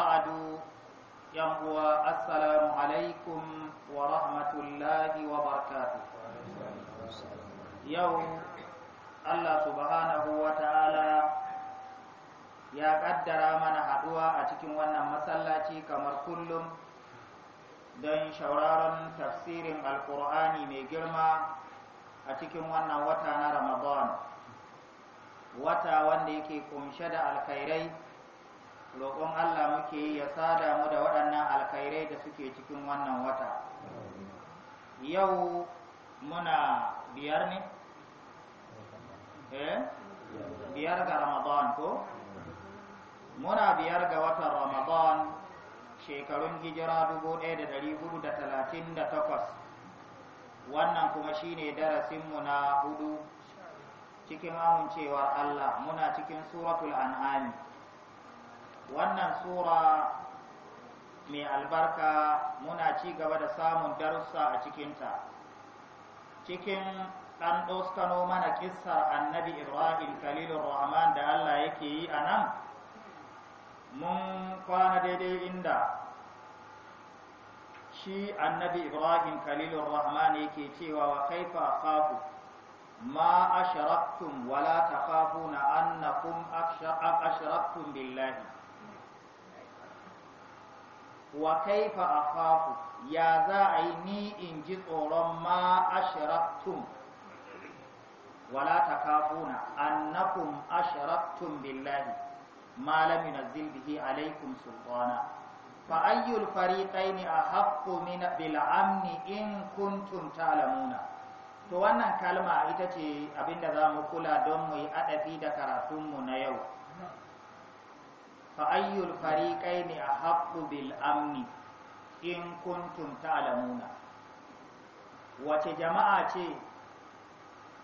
ba'adu yan uwa assalamu alaikum wa rahmatullahi wa barakatuh yau Allah subhanahu wa ta'ala ya ƙaddara mana haɗuwa a cikin wannan masallaci kamar kullum don shauraron tafsirin alkur'ani mai girma a cikin wannan wata na ramadan wata wanda yake ƙumshe da alkhairai roƙon Allah muke yi ya sada mu da waɗannan alkhairai da suke cikin wannan wata yau muna biyar ne eh biyar ga ramadan ko muna biyar ga watan ramadan shekarun hijira 1438 wannan kuma shine darasinmu na hudu cikin amincewar Allah muna cikin suratul an'ami wannan sura mai albarka muna ci gaba da samun darussa a cikinta cikin ɗan ɗoskano mana kissar annabi ibrahim khalilur rahman da allah yake yi a nan mun kwana daidai inda shi annabi ibrahim khalilur rahman yake cewa wa kaifa khafu ma asharaktum wala takhafuna annakum asharaktum billahi wa a akhafu ya za a yi ni in ji tsoron ma ashraktum wala takafuna annakum ashraktum billahi ma lam zilbihi bihi alaykum sultana fa ayyul a ahaqqu min bil amni in kuntum ta'lamuna to wannan kalma ita ce abinda za mu kula don mu yi adafi da karatunmu na yau fa'ayyul fariƙai ne a haƙƙu bil amni in kuntum ta'lamuna wace jama'a ce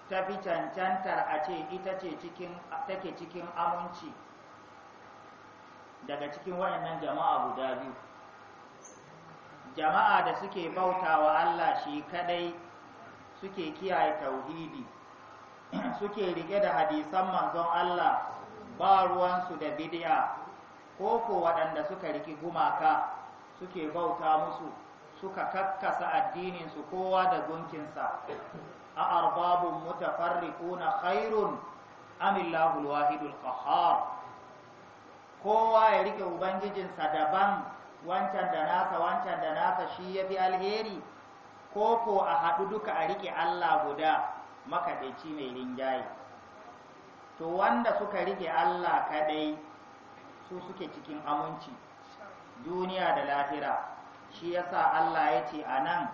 ta fi cancantar a ce ita ce cikin take cikin aminci daga cikin waɗannan jama'a guda biyu jama'a da suke bautawa Allah shi kadai suke kiyaye tauhidi suke rike da hadisan manzon Allah ba ruwansu da bid'a ko waɗanda suka riki gumaka suke bauta musu suka kakkasa addininsu kowa da gunkinsa a arbabun na khairun amillahu alwahidul qahhar kowa ya rike ubangijinsa daban wancan da nasa wancan da nasa shi ya fi alheri ko a haɗu duka a rike Allah guda makaɗaici mai rinjaye to wanda suka rike Allah kaɗai su suke cikin aminci duniya da lahira shi yasa Allah ya ce anan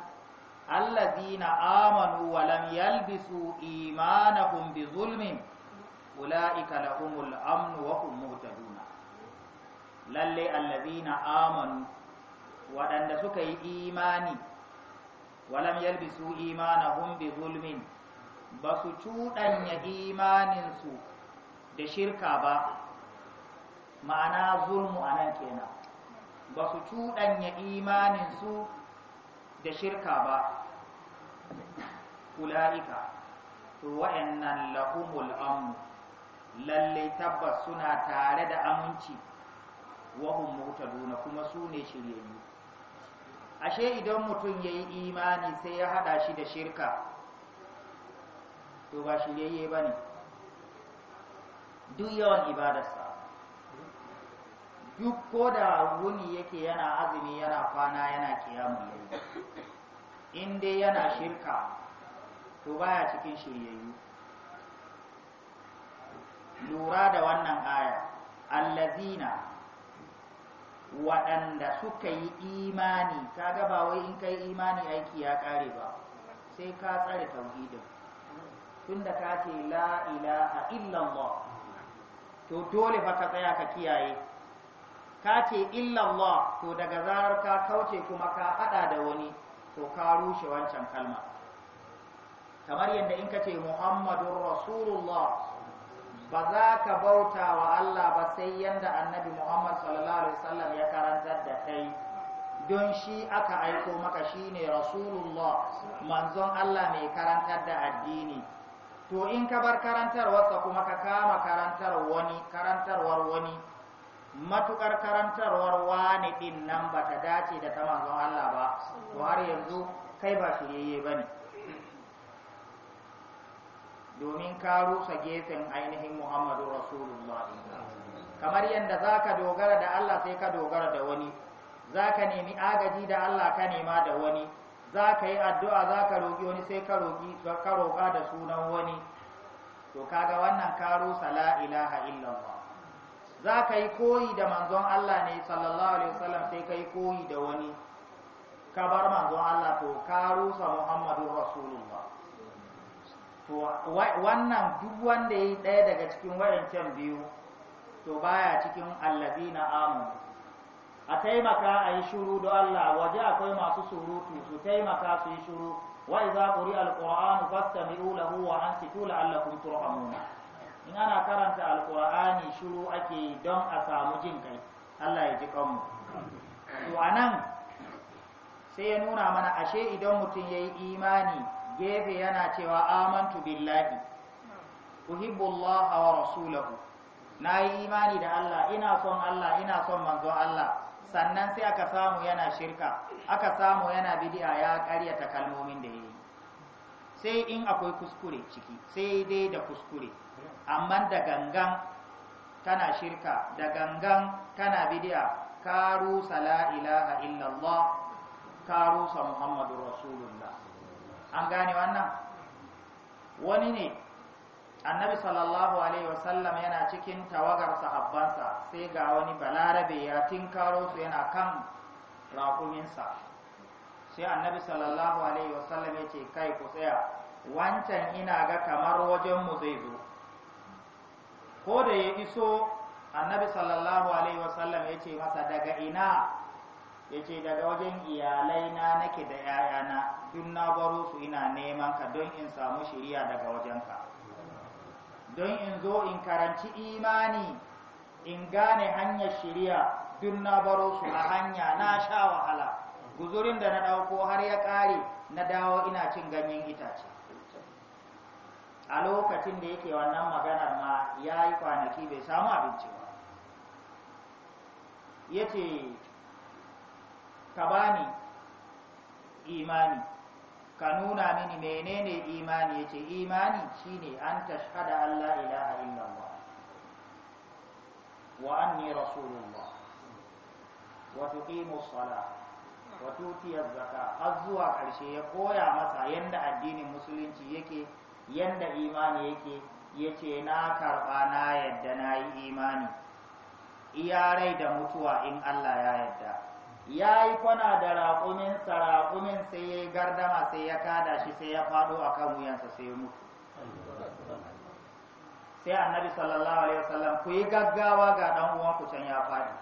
allazina amanu wa lam yalbisu imanahum bi zulmin ula'ika lahumul amn wa hum muhtaduna lalle allazina amanu waɗanda suka yi imani lam yalbisu imanahum bi zulmin ba su cuɗanya imaninsu da shirka ba ma'ana zulmu a nan kenan ba su cuɗanya imaninsu da shirka ba kula'ika to wa'annan lahumul amu lallai tabbas suna tare da aminci mota mutaduna kuma su ne shiryayyu ashe idan mutum ya yi imani sai ya haɗa shi da shirka to ba shiryayye ba ne duk yawan ibadarsa duk ko da wuni yake yana azumi yana kwana yana kiyamun yayi in dai yana shirka to baya cikin shiryayyu lura da wannan aya allazina waɗanda suka yi imani kaga ba wai in kai imani aiki ya ƙare ba sai ka tsare tauhidin tunda ka ce la ilaha illallah to dole fa ka tsaya ka kiyaye ka ce illallah to daga zarar ka kauce kuma ka hada da wani to ka rushe wancan kalma kamar yadda in ka ce muhammadun rasulullah ba za ka bauta wa Allah ba sai yadda annabi muhammad sallallahu alaihi wasallam ya karanta da kai don shi aka aiko maka shine rasulullah manzon Allah mai karantar da addini to in ka bar karantarwarsa kuma ka kama karantar wani karantarwar wani matukar karantarwar wani din nan ba ta dace da ta mazan Allah ba to har yanzu kai ba yayye ba ne domin ka rusa gefen ainihin muhammadu rasulullah kamar yadda za ka dogara da Allah sai ka dogara da wani za ka nemi agaji da Allah ka nema da wani za ka yi addu'a za ka roƙi wani sai ka roƙa da sunan wani to kaga wannan ka rusa la ilaha illallah za ka yi koyi da manzon Allah ne sallallahu alaihi wasallam sai ka yi koyi da wani ka bar manzon Allah to ka rusa Muhammadu Rasulullah to wannan duk wanda yi ɗaya daga cikin wayancan biyu to baya cikin allazina amanu a taimaka a yi shuru da Allah waje akwai masu surutu su taimaka su yi shuru wa iza quri alqur'anu fastami'u lahu wa ansitu la'allakum turhamuna in ana karanta alkur'ani shiru ake don a samu jin kai Allah ya ji kanmu to anan sai ya nuna mana ashe idan mutum ya yi imani gefe yana cewa amantu billahi uhibbu Allah wa rasulahu na yi imani da Allah ina son Allah ina son manzo Allah sannan sai aka samu yana shirka aka samu yana bidi'a ya karyata kalmomin da ya sai in akwai kuskure ciki sai dai da kuskure amma da gangan tana shirka da gangan tana bidiya karu sala ilaha illallah karu sa muhammadu rasulullah an gane wannan wani ne annabi sallallahu alaihi wasallam yana cikin tawagar sahabbansa sai ga wani balarabe ya tinkaro su yana kan rakuminsa sai annabi sallallahu alaihi wasallam ya ce kai ku tsaya wancan ina ga kamar wajen mu zai zo ko da ya iso annabi sallallahu alaihi wasallam ya ce masa daga ina ya ce daga wajen iyalaina nake da ‘ya'yana duk na baro su ina neman ka don in samu shiriya daga wajen ka don in zo in karanci imani in gane hanyar shiriya duk na baro su a hanya na sha wahala guzurin da na ɗauko har ya ƙare na dawo ina cin ganyen itace a lokacin da yake wannan maganar ma ya yi kwanaki bai samu abinci ba ya ce ka bani imani ka nuna mini menene imani ya ce imani shine an tashhada Allah ilaha illallah wa anni rasulullah wa tuqimu sala wa tutiya zakka har zuwa karshe ya koya masa yadda addinin musulunci yake Yadda imani yake yace na karɓa na yadda na yi imani iya rai da mutuwa in Allah ya yadda ya yi kwana da raƙuminsa raƙumin sai ya yi gardama sai ya kada shi sai ya faɗo a kan wuyansa sai ya mutu sai annabi sallallahu alaihi wasallam ku yi gaggawa ga ɗan uwanku can ya faɗi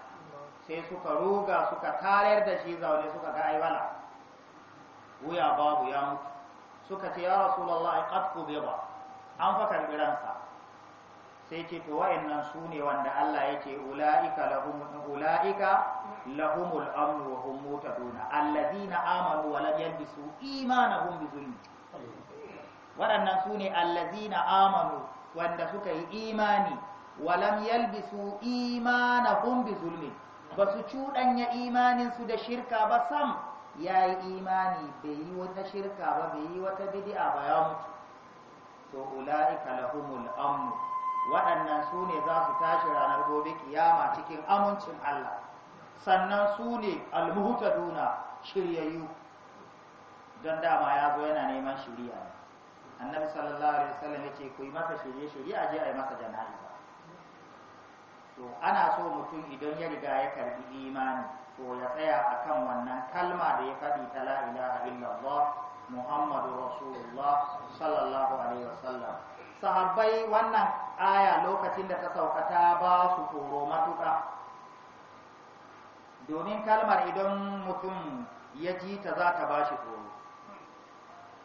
sai suka ruga suka tarar da shi zaune suka ga aiwala wuya babu ya mutu suka ce ya rasulullah qad qubida an fakar karbi sai ce to wayannan su ne wanda Allah ya ce lahum ulaika lahumul amn wa hum Allazi na amanu wa lam yalbisu imanahum bi zulm waɗannan su ne na amanu wanda suka yi imani walam yalbisu imanahum bi zulmi ba su cuɗanya imaninsu da shirka ba sam ya yi imani bai yi wata shirka ba bai yi wata bidi'a ba ya mutu to ula'ika lahumul amnu waɗannan su ne za su tashi ranar gobe kiyama cikin amincin Allah sannan su ne almuhtaduna shiryayyu don dama ya zo yana neman shiriya ne annabi sallallahu alaihi wasallam yace ku yi masa shirye shirye a je a yi masa jana'iza to ana so mutum idan ya riga ya karbi imani to ya tsaya akan wannan kalma da ya faɗi ta la ilaha illallah muhammadu rasulullah sallallahu alaihi wasallam sahabbai wannan aya lokacin da ta sauka ta ba su matuƙa domin kalmar idan mutum ya ji ta za ta ba shi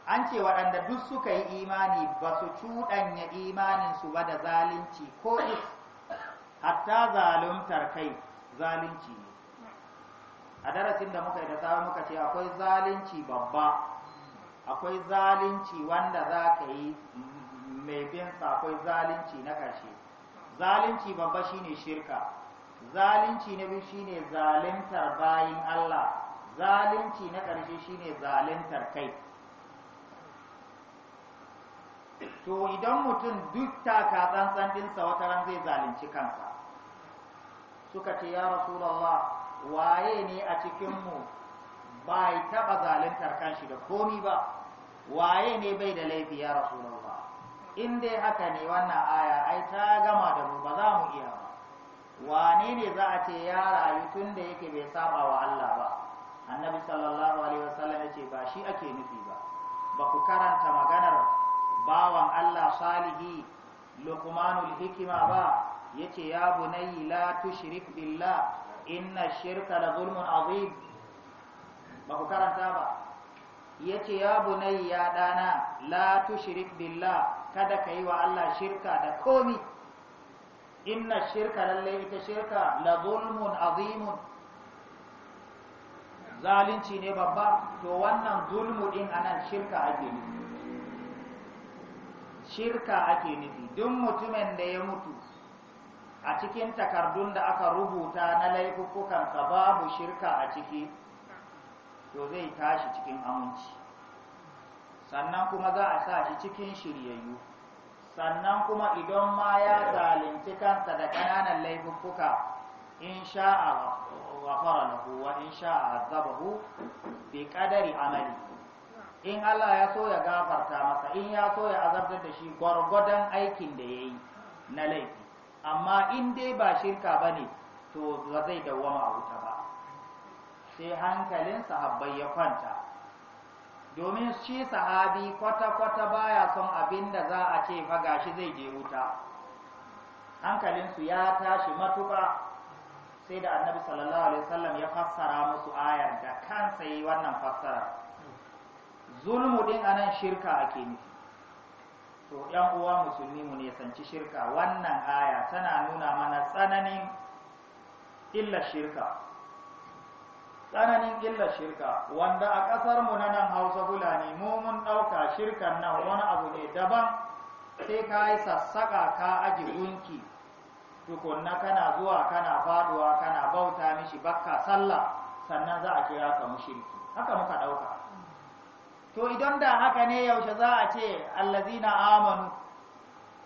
an ce waɗanda duk suka yi imani ba su cuɗanya imaninsu ba da zalunci ko is hatta zaluntar kai zalunci ne a darasin da muka yi da safe muka ce akwai zalunci babba akwai zalunci wanda za ka yi mai bin akwai zalunci na ƙarshe zalunci babba shine shirka zalunci na biyu shine zaluntar bayin Allah zalunci na ƙarshe shine zaluntar kai to idan mutum duk taka tsantsan dinsa wata ran zai zalunci kansa suka ce ya rasulullah waye ne a cikinmu bai taɓa zaluntar kanshi da komi ba waye ne bai da laifi ya rasulullah in dai haka ne wannan aya ai ta gama da mu ba za mu iya ba wane ne za a ce ya rayu tun da yake bai saba wa Allah ba annabi sallallahu alaihi wasallam ya ce ba shi ake nufi ba ba ku karanta maganar bawan Allah salihi luqmanul hikima ba yace ya bunayya la tushrik billah inna shirka la zulmun azim ba ku karanta ba yace ya bunai ya dana la tushrik billah kada kai wa Allah shirka da komi inna shirka lalle ita shirka la zulmun azim zalunci ne babba to wannan zulmu din anan shirka ake nufi shirka ake nufi duk mutumin da ya mutu a cikin takardun da aka rubuta na ka babu shirka a ciki to zai tashi cikin aminci sannan kuma za a sa shi cikin shiryayyu sannan kuma idan ma ya zalunci kansa da ƙananan laifuffuka in sha'a ghafara lahu wa in sha'a azabahu bi kadari amali in Allah ya so ya gafarta masa in ya so ya azabtar da shi gwargwadon aikin da ya yi na laifi amma in dai ba shirka ba ne to ba zai dawwama a wuta ba sai hankalin sahabbai ya kwanta domin shi sahabi kwata-kwata baya son abin da za a ce faga shi zai je wuta hankalinsu ya tashi matuƙa sai da annabi sallallahu alaihi wasallam ya fassara musu ayar da kansa yi wannan fassara zulmu din anan shirka ake nufi to yan uwa musulmi mu ne sanci shirka wannan aya tana nuna mana tsananin illa shirka tsananin illa shirka wanda a ƙasar mu na nan Hausa Fulani mu mun ɗauka shirkan nan wani abu ne daban sai ka yi sassaka ka aji gunki tukunna kana zuwa kana faduwa kana bauta mishi bakka sallah sannan za a kira ka mushriki haka muka ɗauka to idan da haka ne yaushe za a ce allazina amanu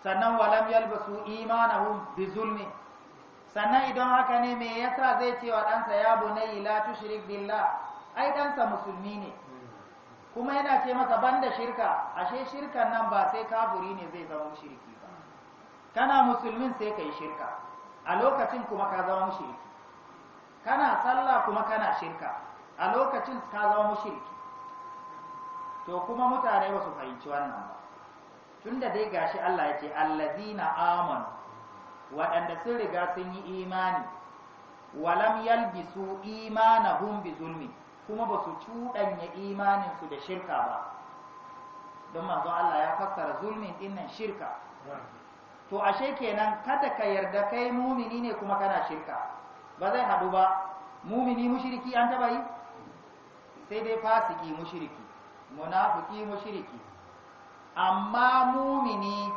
sannan walam yalbasu imanahum bi zulmi sannan idan haka ne me yasa zai ce wa ɗansa ya bunayi la tushrik billah ai ɗansa musulmi ne kuma yana ce masa banda shirka ashe shirkan nan ba sai kafiri ne zai zama mushriki ba kana musulmin sai kai shirka a lokacin kuma ka zama mushriki kana sallah kuma kana shirka a lokacin ka zama mushriki to kuma mutane ba su fahimci wannan ba tunda dai gashi Allah ya ce allazina amanu waɗanda sun riga sun yi imani walam yalbisu imanahum bi zulmi kuma ba su cuɗanya imanin su da shirka ba don manzo Allah ya fassara zulmin dinnan shirka to ashe kenan kada ka yarda kai mumini ne kuma kana shirka ba zai hadu ba mumini mushriki an taba yi sai dai fasiki mushriki munafiki mushiriki, amma mumini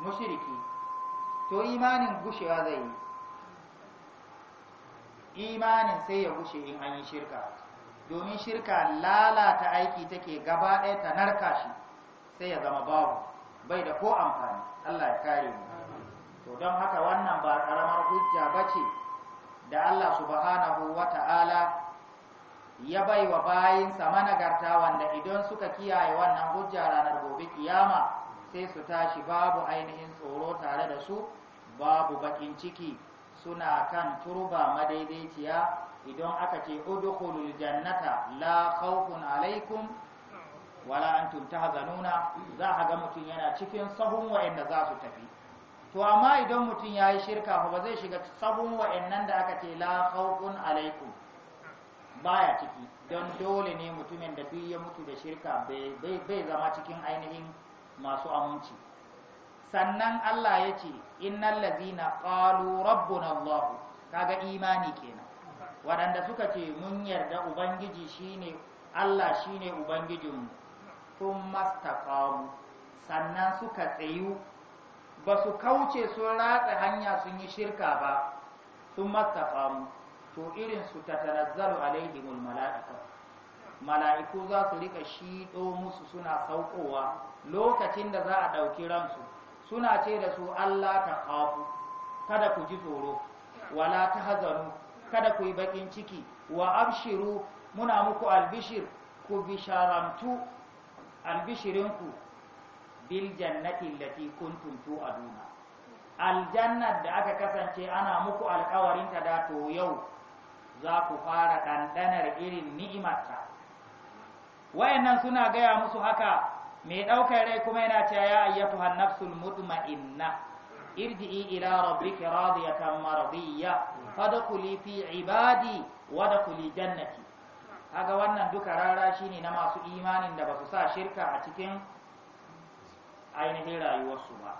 mushiriki, to imanin gushewa zai yi imanin sai ya gushe in an yi shirka domin shirka lalata aiki take gaba ɗaya ta narka shi sai ya zama babu bai da ko amfani Allah ya kare mu to don haka wannan ba ƙaramar hujja ba ce da Allah subhanahu wa ta'ala ya bai wa bayinsa managarta wanda idan suka kiyaye wannan hujja ranar gobe kiyama sai su tashi babu ainihin tsoro tare da su babu bakin ciki suna kan turba madaidaiciya idan aka ce udkhulul jannata la khawfun alaikum wala antum tahzanuna za a ga mutum yana cikin sahun wa'anda za su tafi to amma idan mutum yayi yi shirka ba zai shiga sahun wa'annan da aka ce la khawfun alaikum baya ciki don dole ne mutumin da duk ya mutu da shirka bai zama cikin ainihin masu aminci sannan Allah ya ce innal ladzina ƙalu rabbuna Allah kaga imani kenan waɗanda suka ce mun yarda ubangiji shine Allah shine ubangijin thumma istaqamu sannan suka tsayu ba su kauce sun ratsa hanya sun yi shirka ba sun mastafamu to irin su tatanazzalu alaihimul mala'ika mala'iku za su rika shido musu suna saukowa lokacin da za a ɗauki ransu suna ce da su Allah ta kafu kada ku ji tsoro wala ta hazaru, kada ku yi bakin ciki wa abshiru muna muku albishir ku bisharamtu albishirinku bil jannati allati kuntum tu'aduna aljannat da aka kasance ana muku ta da to yau za ku fara ɗanɗanar irin ni'imarta wayannan suna gaya musu haka mai ɗaukar rai kuma yana cewa ya ayyatu hannafsul mutma'inna irji ila rabbika radiyatan maradiyya fadkhuli fi ibadi dakhuli jannati kaga wannan duka rara shine na masu imanin da basu sa shirka a cikin ainihin rayuwarsu ba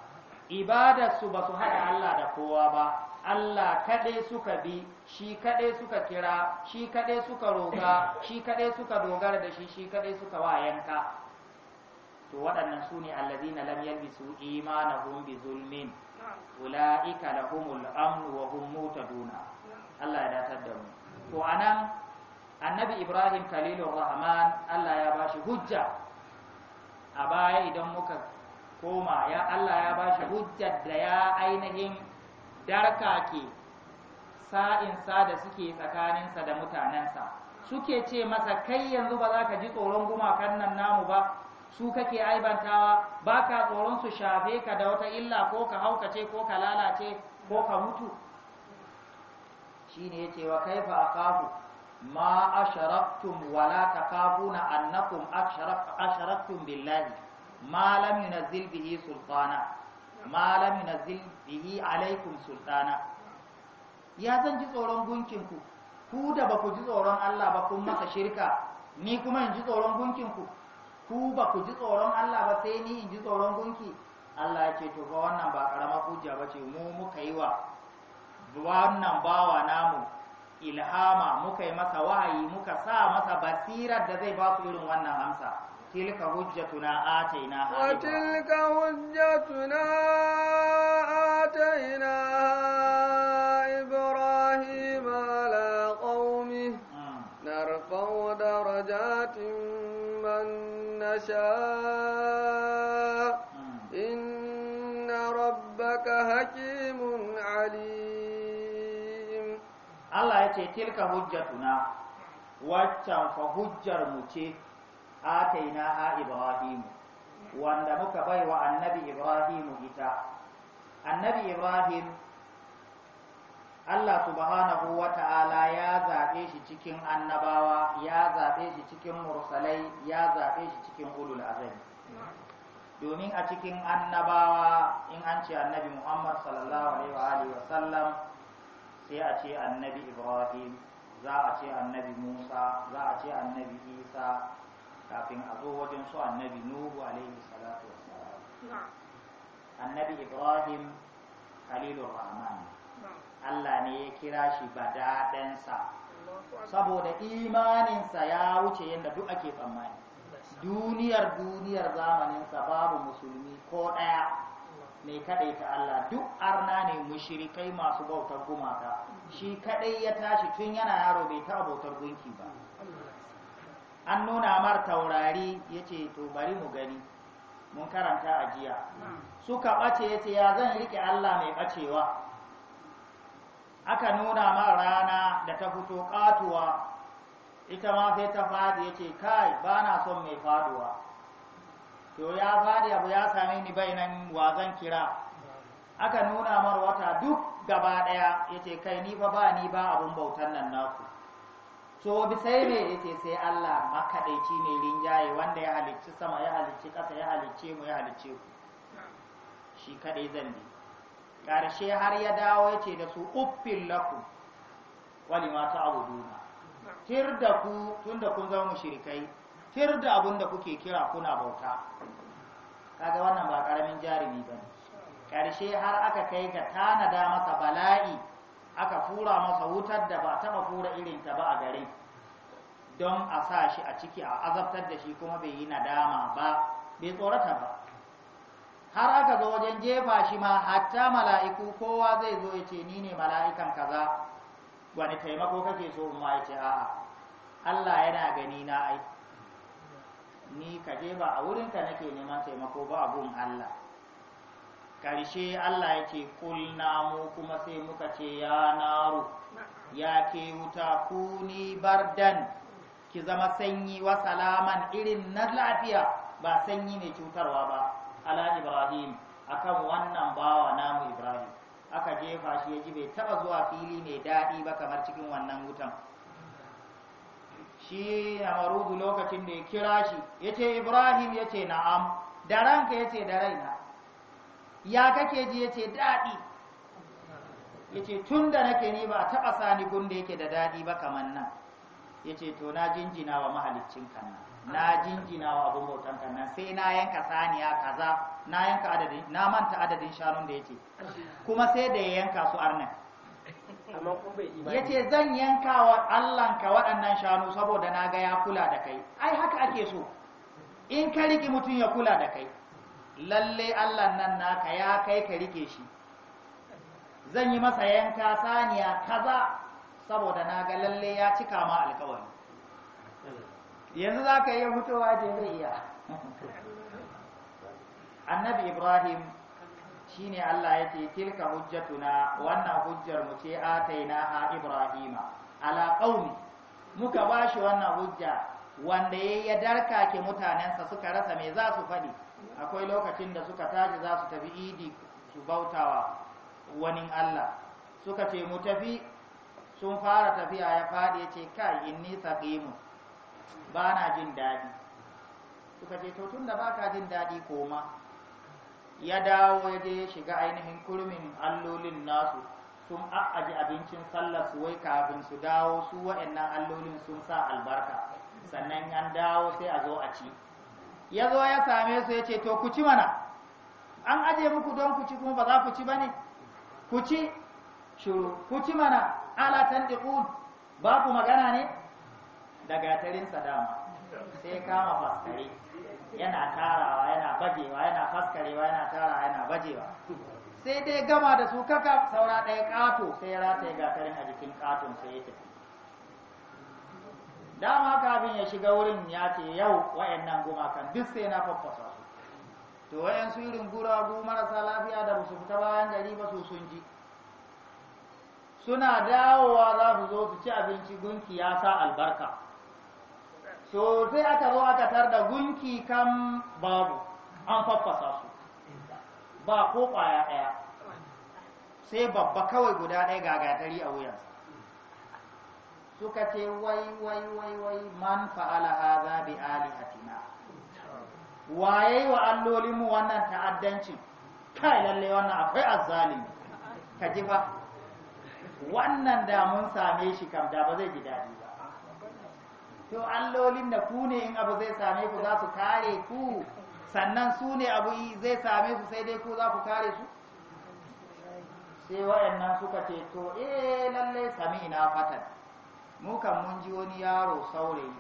ibadarsu basu haɗa Allah da kowa ba Allah kaɗai suka bi shi kaɗai suka kira shi kaɗai suka roga shi kaɗai suka dogara da shi shi kaɗai suka wayanka to waɗannan su ne na lam yalbisu imanahum bi zulmin ulaika lahumul amnu wa hum muhtaduna Allah ya datar da mu to anan annabi Ibrahim khalilur rahman Allah ya bashi hujja a baya idan muka koma ya Allah ya bashi hujjar da ya ainihin darka ke sa'insa da suke tsakaninsa da mutanensa suke ce masa kai yanzu ba za ka ji tsoron gumakan nan namu ba su kake aibantawa ba ka tsoron su shafe ka da wata illa ko ka haukace ko ka lalace ko ka mutu shine ce wa kaifa kafu ma sharaftun wala ta kafu annakun annakum sharaftun billahi ma lam yunzil bihi Malam na bihi alaikum sultana ya zan ji tsoron gunkin ku da ba ku ji tsoron Allah ba kun masa shirka ni kuma in ji tsoron gunkin ku ku ba ku ji tsoron Allah ba sai ni in ji tsoron gunki Allah ya ce to fa wannan ba karama hujja ba ce mu muka yi wa wannan bawa namu ilhama muka yi masa wahayi muka sa masa basirar da zai ba ku irin wannan amsa Tilka hujjatuna a ataina, a ataina. Wa Ibrahim ala ƙauni. Hmm. Na raba daraja tun ban na sha. Hmm. Inna Rabba ka haƙƙi mun Allah ya ce tilka hujjatuna, waccan fa hujjar mu ce. ataina ha ibrahimu wanda muka bai wa annabi ibrahim ita annabi ibrahim Allah subhanahu wa ta'ala ya zaɓe shi cikin annabawa ya zaɓe shi cikin mursalai ya zaɓe shi cikin ulul azami domin a cikin annabawa in an ce annabi muhammad sallallahu alaihi wa sallam sai a ce annabi ibrahim za a ce annabi musa za a ce annabi isa kafin a zo wajen su annabi nuhu alaihi salatu wa wassalam annabi ibrahim khalilur rahman Allah ne ya kira shi ba daɗinsa saboda imaninsa ya wuce yadda duk ake tsammani duniyar duniyar zamaninsa babu musulmi ko ɗaya ne kaɗai ta Allah duk arna ne mushrikai masu bautar gumaka shi kaɗai ya tashi tun yana yaro bai taɓa bautar gunki ba an nuna mar taurari ya ce to bari mu gani mun karanta a jiya suka ɓace ya ce ya zan riƙe allah mai ɓacewa aka nuna mar rana da ta fito ƙatuwa ita ma sai ta faɗi ya ce kai ba na son mai faɗuwa. to ya faɗi abu ya sami ni bai nan wazan kira aka nuna mar wata duk gaba ɗaya ya ce kai ni fa ba ni ba abun bautan nan naku so bi sai me yace sai Allah makaɗaici ne rinjaye wanda ya halicci sama ya halicci ƙasa ya halicce mu ya halicce ku shi kaɗai zan bi ƙarshe har ya dawo yace da su uffin lakum wali ma ta'buduna tir da ku tunda kun zama mushrikai tir da abun da kuke kira kuna bauta kaga wannan ba karamin jarumi bane ƙarshe har aka kai ga tanada masa bala'i aka fura masa wutar da ba taɓa fura irin ta ba a garin don a sa shi a ciki a azabtar da shi kuma bai yi nadama ba bai tsorata ba har aka zo wajen jefa shi ma hatta mala'iku kowa zai zo ya ce ni ne mala'ikan kaza wani taimako kake so ma ya ce a'a Allah yana gani na ai ni ka je ba a wurinka nake neman taimako ba abun Allah Karshe Allah yake kulna mu kuma sai muka ce ya naru ya ke wuta kuni bardan ki zama sanyi wa salaman irin na lafiya ba sanyi mai cutarwa ba ala ibrahim akan wannan bawa namu ibrahim aka jefa shi ya ji bai taba zuwa fili mai daɗi ba kamar cikin wannan wutan shi na marudu lokacin da ya kira shi ya ce ibrahim ya ce na'am da ranka ya ce da raina ya kake ji ya ce daɗi ya ce tun da nake ni ba taɓa sani gunda yake da daɗi ba kamar nan ya ce to na jinjina wa mahalicin kanna na jinjina wa abin bautan kanna sai na yanka saniya kaza na yanka adadin na manta adadin shanun da yake kuma sai da ya yanka su arnan ya ce zan yanka wa allanka waɗannan shanu saboda na ga ya kula da kai ai haka ake so in ka riƙe mutum ya kula da kai lalle Allah nan naka ya kai ka rike shi zan yi masa yanka saniya kaza saboda na ga lalle ya cika ma alkawari yanzu za ka iya mutuwa iya. annabi ibrahim shi ne Allah ya ce tilka hujjatuna wannan hujjar mu ce a ataina a ibrahima ala ƙauni muka bashi wannan hujja wanda ya darka ke mutanensa suka rasa me za su faɗi akwai lokacin da suka tashi za su tafi idi su bautawa wani Allah suka ce mu tafi sun fara tafiya ya faɗi ya ce kai inni saqimu ba na jin daɗi suka ce to tunda ba ka jin daɗi koma ya dawo ya je shiga ainihin kurmin allolin nasu sun a'aji abincin sallar su wai kafin su dawo su wa'annan allolin sun sa albarka sannan an dawo sai a zo a ci ya zo ya same su ya ce to ku ci mana an aje muku don ku ci kuma ba za ku ci ba ne ku ci shuru ku ci mana ala tan ɗiƙun ba ku magana ne daga tarin dama sai kama faskare yana tarawa yana bagewa yana faskarewa yana tarawa yana bajewa sai dai gama da su kaka saura ɗaya ƙato sai ya rataye gatarin a jikin ƙaton sai ya tafi dama kafin ya shiga wurin ya ce yau wayannan gumakan duk sai na fafasa su to wayan su irin guragu marasa lafiya da su fita bayan gari ba su sun ji suna dawowa za su zo su ci abinci gunki ya sa albarka so sai aka zo aka tar da gunki kan babu an fafasa su ba ko kwaya ɗaya sai babba kawai guda ɗaya gagatari a wuyansa suka ce wai wai wai wai man fa'ala hadha bi alihatina waye wa allolinmu wannan ta'addancin kai lalle wannan akwai azzalimi ka ji fa wannan da mun same shi kam da ba zai ji daɗi ba to allolin da ku ne in abu zai same ku za su kare ku sannan su ne abu zai same su sai dai ku za ku kare su sai wa'annan suka ce to eh lalle sami ina fatan mukan mun ji wani yaro saurayi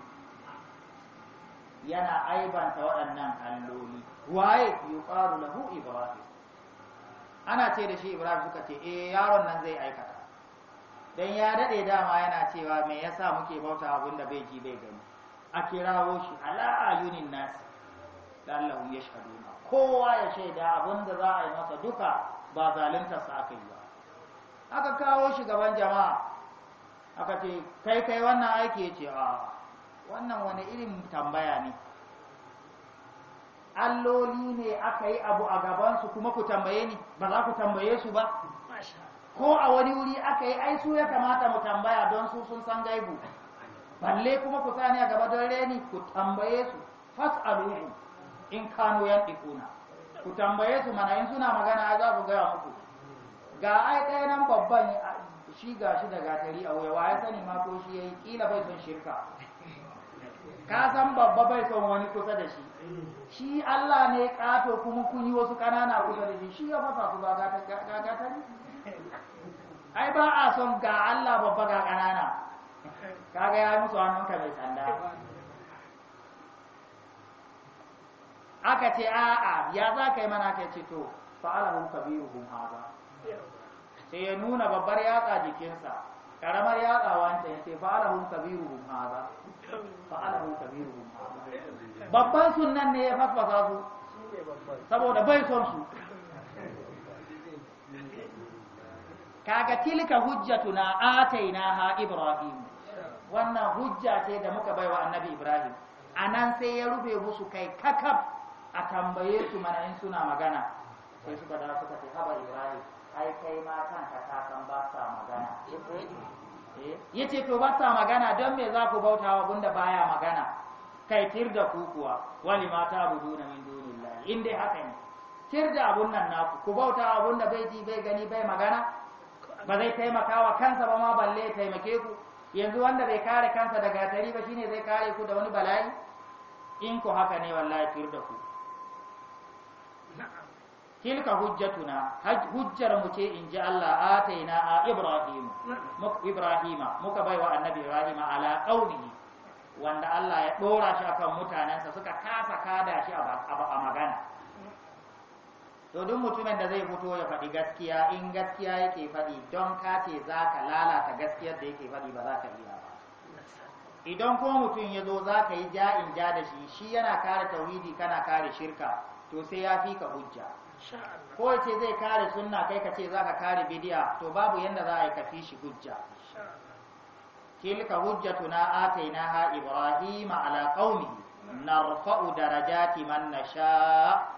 yana aibanta waɗannan alloli waye buɗe lahu ibrahim ana ce da shi ibrahim suka ce e, yaron nan zai aikata dan ya daɗe, dama yana cewa me yasa muke bauta abin da bai ji bai gani a kirawo shi ala ayunin nas lallahu na kowa ya shaida abin da za a yi masa duka ba zalunta sa aka yi ba aka kawo shi gaban jama'a aka ce kai kai wannan aiki ya ce a wannan wani irin tambaya ne alloli ne aka yi abu a gabansu kuma ku tambaye ni ba za ku tambaye su ba ko a wani wuri aka yi ai su ya kamata mu tambaya don su sun san gaibu balle kuma ku sani a gaba don reni ku tambaye su fas'aluhu in kano yan ikuna ku tambaye su mana in suna magana za ku gaya muku ga ai ɗaya nan babban shi ga shi da gatari a wuya ya sani ma ko shi yayi kila bai son shirka ka san babba bai son wani kusa da shi shi Allah ne kato kuma kun yi wasu kanana kusa da shi shi ya fasa su ba gatari ai ba a son ga Allah babba ga kanana kaga ya musu ka mai sanda aka ce a'a ya za ka yi mana ka ce to kabiru hun haza sai ya nuna babbar yatsa jikinsa karamar yatsa wancan ya ce fa'alahu kabiruhum hadha fa'alahu kabiruhum haza babban sunnan ne ya fasfasa su saboda bai son su kaga tilka hujjatuna ha ibrahim wannan hujja ce da muka baiwa annabi ibrahim a nan sai ya rufe musu kai kakab a tambaye su mana in suna magana sai suka da suka ce haba ibrahim ai kai ma kanka ka san ba sa magana eh? ya ce to ba sa magana don me za ku bauta wa bunda baya magana kai tir da ku kuwa wani ma ta budu na min dunillahi in dai haka ne tir da abun nan naku ku bauta wa bunda bai ji bai gani bai magana ba zai taimaka wa kansa ba ma balle ya taimake ku yanzu wanda bai kare kansa daga tari ba shine zai kare ku da wani bala'i in ku haka ne wallahi tir da ku tilka hujjatuna hujjar mu ce in ji Allah ataina a Ibrahim Ibrahima muka bai wa annabi Ibrahim ala qaumihi wanda Allah ya dora shi akan mutanensa suka kasa kada shi a magana to duk mutumin da zai fito ya faɗi gaskiya in gaskiya yake faɗi don ka ce za ka lalata gaskiyar da yake faɗi ba za ka iya ba idan ko mutum ya zo za ka yi ja in ja da shi shi yana kare tauhidi kana kare shirka to sai ya fi ka hujja ko ce zai kare sunna kai ka ce za ka kare bidiya to babu yadda za a yi kafi shi hujja tilka na ha ibrahima ala qaumihi narfa'u darajati man nasha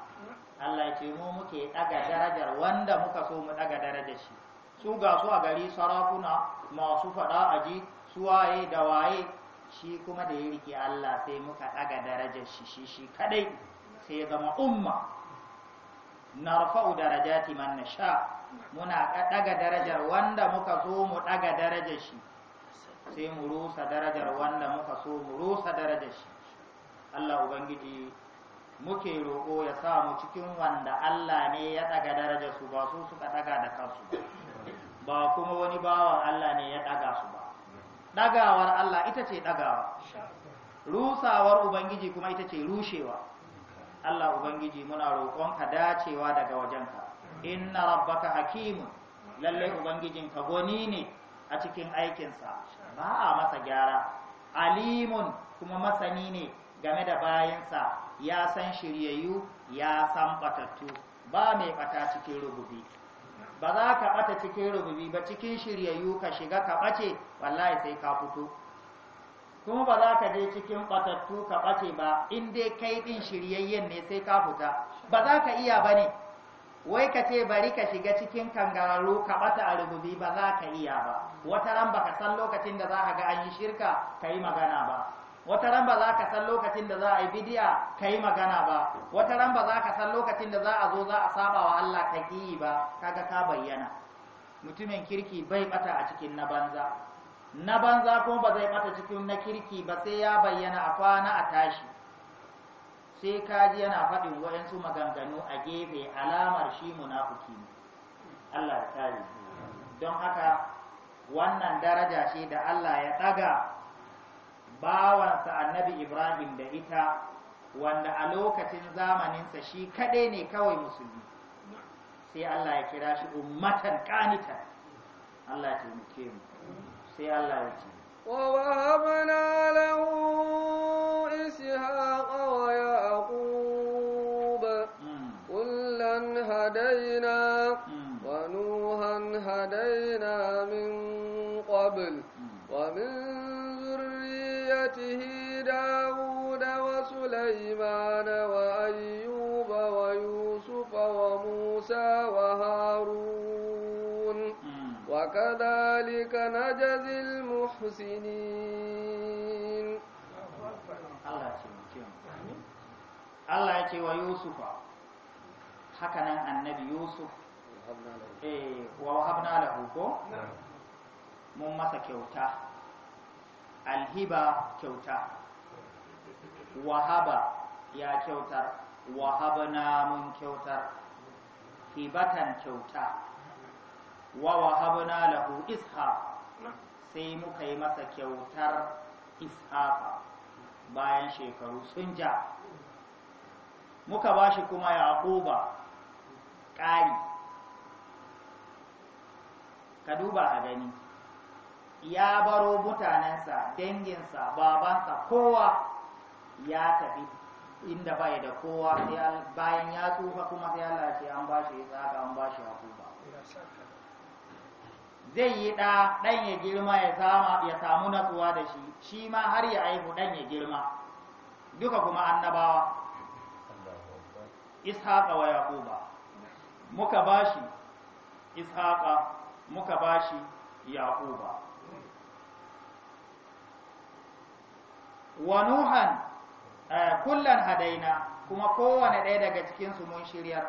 Allah ya ce mu muke daga darajar wanda muka so mu daga darajar shi su ga su a gari sarakuna masu fada aji su waye da waye shi kuma da yake rike Allah sai muka daga darajar shi shi shi kadai sai ya zama umma narfa'u darajati man nasha muna daga darajar wanda muka so mu daga darajar shi sai mu rusa darajar wanda muka so mu rusa darajar shi Allah ubangiji muke roƙo ya sa mu cikin wanda Allah ne ya daga darajar su ba su suka daga da kansu ba kuma wani bawan Allah ne ya daga su ba dagawar Allah ita ce dagawa rusawar ubangiji kuma ita ce rushewa Allah ubangiji muna ka dacewa daga wajenka inna rabbaka hakimu lalle ka goni ne a cikin aikinsa ba a masa gyara alimun kuma masani ne game da bayansa ya san shiryayyu ya san batattu ba mai bata cikin rububi ba za ka bata cikin rububi ba cikin shiryayyu ka shiga ka bace wallahi sai ka fito kuma ba za ka je cikin batattu ka ɓace ba in dai kai ɗin shiryayyen ne sai ka fita ba za ka iya ba ne wai ka ce bari ka shiga cikin kangararru ka ɓata a rububi ba za ka iya ba wata ran ba ka san lokacin da za ka ga an yi shirka ka yi magana ba wata ran ba za ka san lokacin da za a yi bidiya ka yi magana ba wata ran ba za ka san lokacin da za a zo za a saba wa Allah ka yi ba kaga ka bayyana mutumin kirki bai ɓata a cikin na banza na banza kuma ba zai mata cikin na kirki ba sai ya bayyana a kwana a tashi sai kaji yana faɗin waɗansu maganganu a gefe alamar shi munafuki ne Allah ya kare don haka wannan daraja ce da Allah ya tsaga bawansa annabi Ibrahim da ita wanda a lokacin zamaninsa shi kaɗai ne kawai musulmi sai Allah ya kira shi ummatan ƙanita Allah ya taimake mu sai Allah ya ce wa وكذلك نجزي المحسنين Allah ya ce wa Yusufa hakanan annabi Yusuf eh wa wahabna lahu ko mun masa kyauta alhiba kyauta wahaba ya kyautar wahabna mun kyautar hibatan kyauta wa habuna lahu isha, sai muka yi masa kyautar ishaqa bayan shekaru sun ja muka ba shi kuma yaquba ƙari ka duba a gani ya baro mutanensa danginsa babansa kowa ya tafi inda bai da kowa bayan ya tsufa kuma sai Allah ce an ba shi ya tsaka an ba shi yaquba zai yi ɗa ɗan ya girma ya zama ya samu natsuwa da shi shi ma har ya aihu ɗan ya girma duka kuma annabawa Ishaƙa wa yaquba muka bashi Ishaƙa muka bashi yaquba wa nuhan eh, kullum hadaina kuma kowane ɗaya daga cikinsu mun shiryar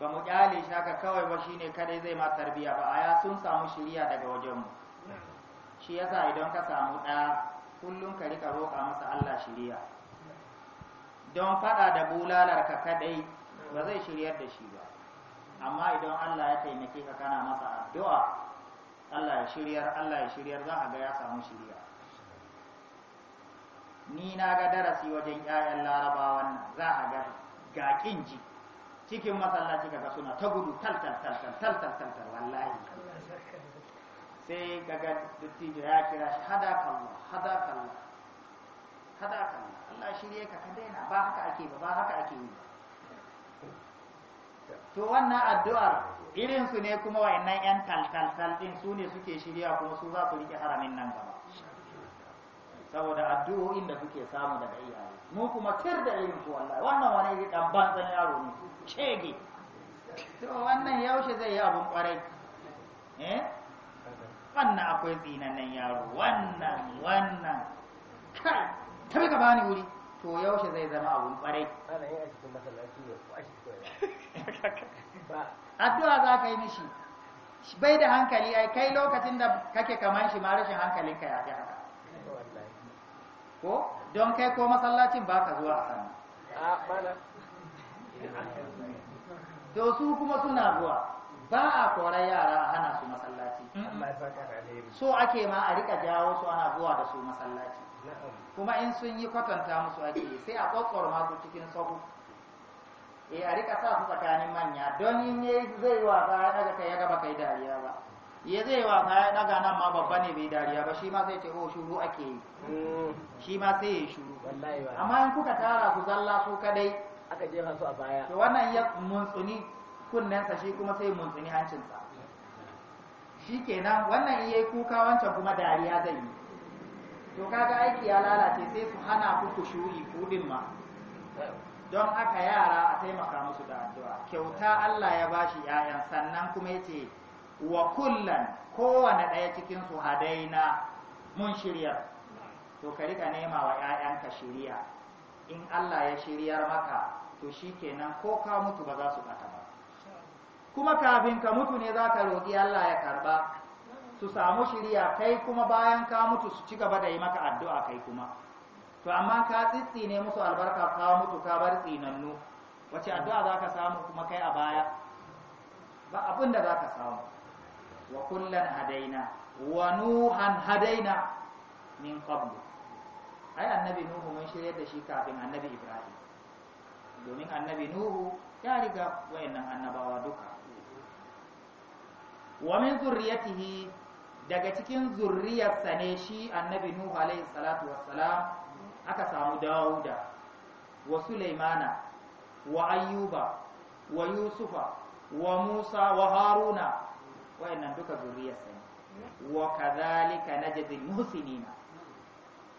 ba mu kyale shi haka kawai ba shine kadai zai ma tarbiya ba a ya sun samu shirya daga wajen mu shi yasa idan ka samu ɗaya kullum ka rika roƙa masa Allah shirya don faɗa da bulalar ka kadai ba zai shiryar da shi ba amma idan Allah ya taimake ka kana masa addu'a Allah ya shiryar Allah ya shiryar za a ga ya samu shirya ni na ga darasi wajen 'ya'yan larabawan nan za a ga ga ji cikin masallaci kaga suna ta gudu tal-tal-tal-tal-tal-tal wallahi sai kaga dattijo ya kira shi hadaka Allah hadaka Allah hadaka Allah Allah shirye ka ka daina ba haka ake ba ba haka ake yi to wannan addu'ar irin su ne kuma wayannan yan tal-tal-tal din su ne suke shirya kuma su za su rike haramin nan gaba saboda addu'o'in da kuke samu daga iyaye mu kuma tir da irin su wallahi wannan wani ne dan banzan yaro ne cege. to wannan yaushe zai yi abun kwarai eh wannan akwai tsinannen yaro wannan wannan kai bi gaba bani wuri to yaushe zai zama abun kwarai addu'a za ka yi mishi bai da hankali ai kai lokacin da kake kaman shi ma rashin hankalinka ya fi haka ko don kai ko masallacin ba ka zuwa a to su kuma suna zuwa ba a korar yara a hana su masallaci so ake ma a rika jawo su ana zuwa da su masallaci kuma in sun yi kwatanta musu ake sai a kwakwar masu cikin sahu e a rika sa su tsakanin manya don in ne zai wa ba daga kai ya gaba kai dariya ba ya zai wasa ya daga nan ma babba ne bai dariya ba shi ma sai ce oh shuru ake yi hmm. shi ma sai ya shuru amma in kuka tara ku zalla su kadai aka jefa su a baya to wannan ya muntsuni kunnensa shi kuma sai muntsuni hancinsa shi kenan wannan iya kuka wancan kuma dariya zai yi to kaga aiki ya lalace sai su hana ku ku shuri kudin ma don aka yara a taimaka musu da addu'a kyauta Allah ya bashi 'ya'yan sannan kuma yace wa kullan kowane ɗaya cikin su hadaina mun shirya to ka rika nema wa ‘ya'yanka shirya in Allah ya shiryar maka to shi kenan ko ka mutu ba za su ɓata ba kuma kafin ka mutu ne za ka roƙi Allah ya karɓa su samu shirya kai kuma bayan ka mutu su ci gaba da yi maka addu'a kai kuma to amma ka ne musu albarka ka mutu ka bar tsinannu wace addu'a za ka samu kuma kai a baya ba abin za ka samu wa kullan hadaina wa nuhan hadaina min qablu ai annabi nuhu mun shiryar da shi kafin annabi ibrahim domin annabi nuhu ya riga wayannan annabawa duka wa min zurriyatihi daga cikin zurriyarsa ne shi annabi nuhu alaihi salatu wassalam aka samu dawuda wa sulaimana wa ayyuba wa yusufa wa musa wa haruna wayannan duka zuriyarsa ne wa kadhalika najzil muhsinina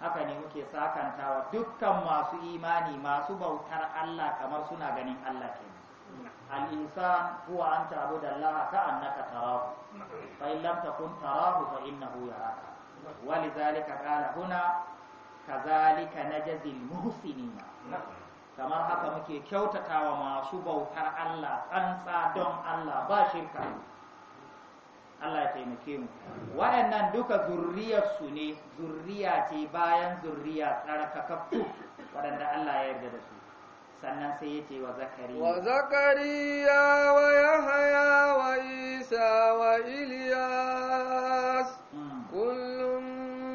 haka ne muke sakantawa dukkan masu imani masu bautar Allah kamar suna ganin Allah ke al-insan huwa an da Allah ka annaka tarahu fa in lam takun tarahu fa innahu yaraka wa lidhalika qala huna kadhalika najzil muhsinina kamar haka muke kyautatawa masu bautar Allah tsantsa don Allah ba shirka Allah ya taimake mu waɗannan duka zurriyar su ne zurriya ce bayan zurriya tsarkakakku waɗanda Allah ya yarda da su sannan sai ya ce wa zakariya wa zakariya wa yahaya wa isa wa Iliyas hmm. kullum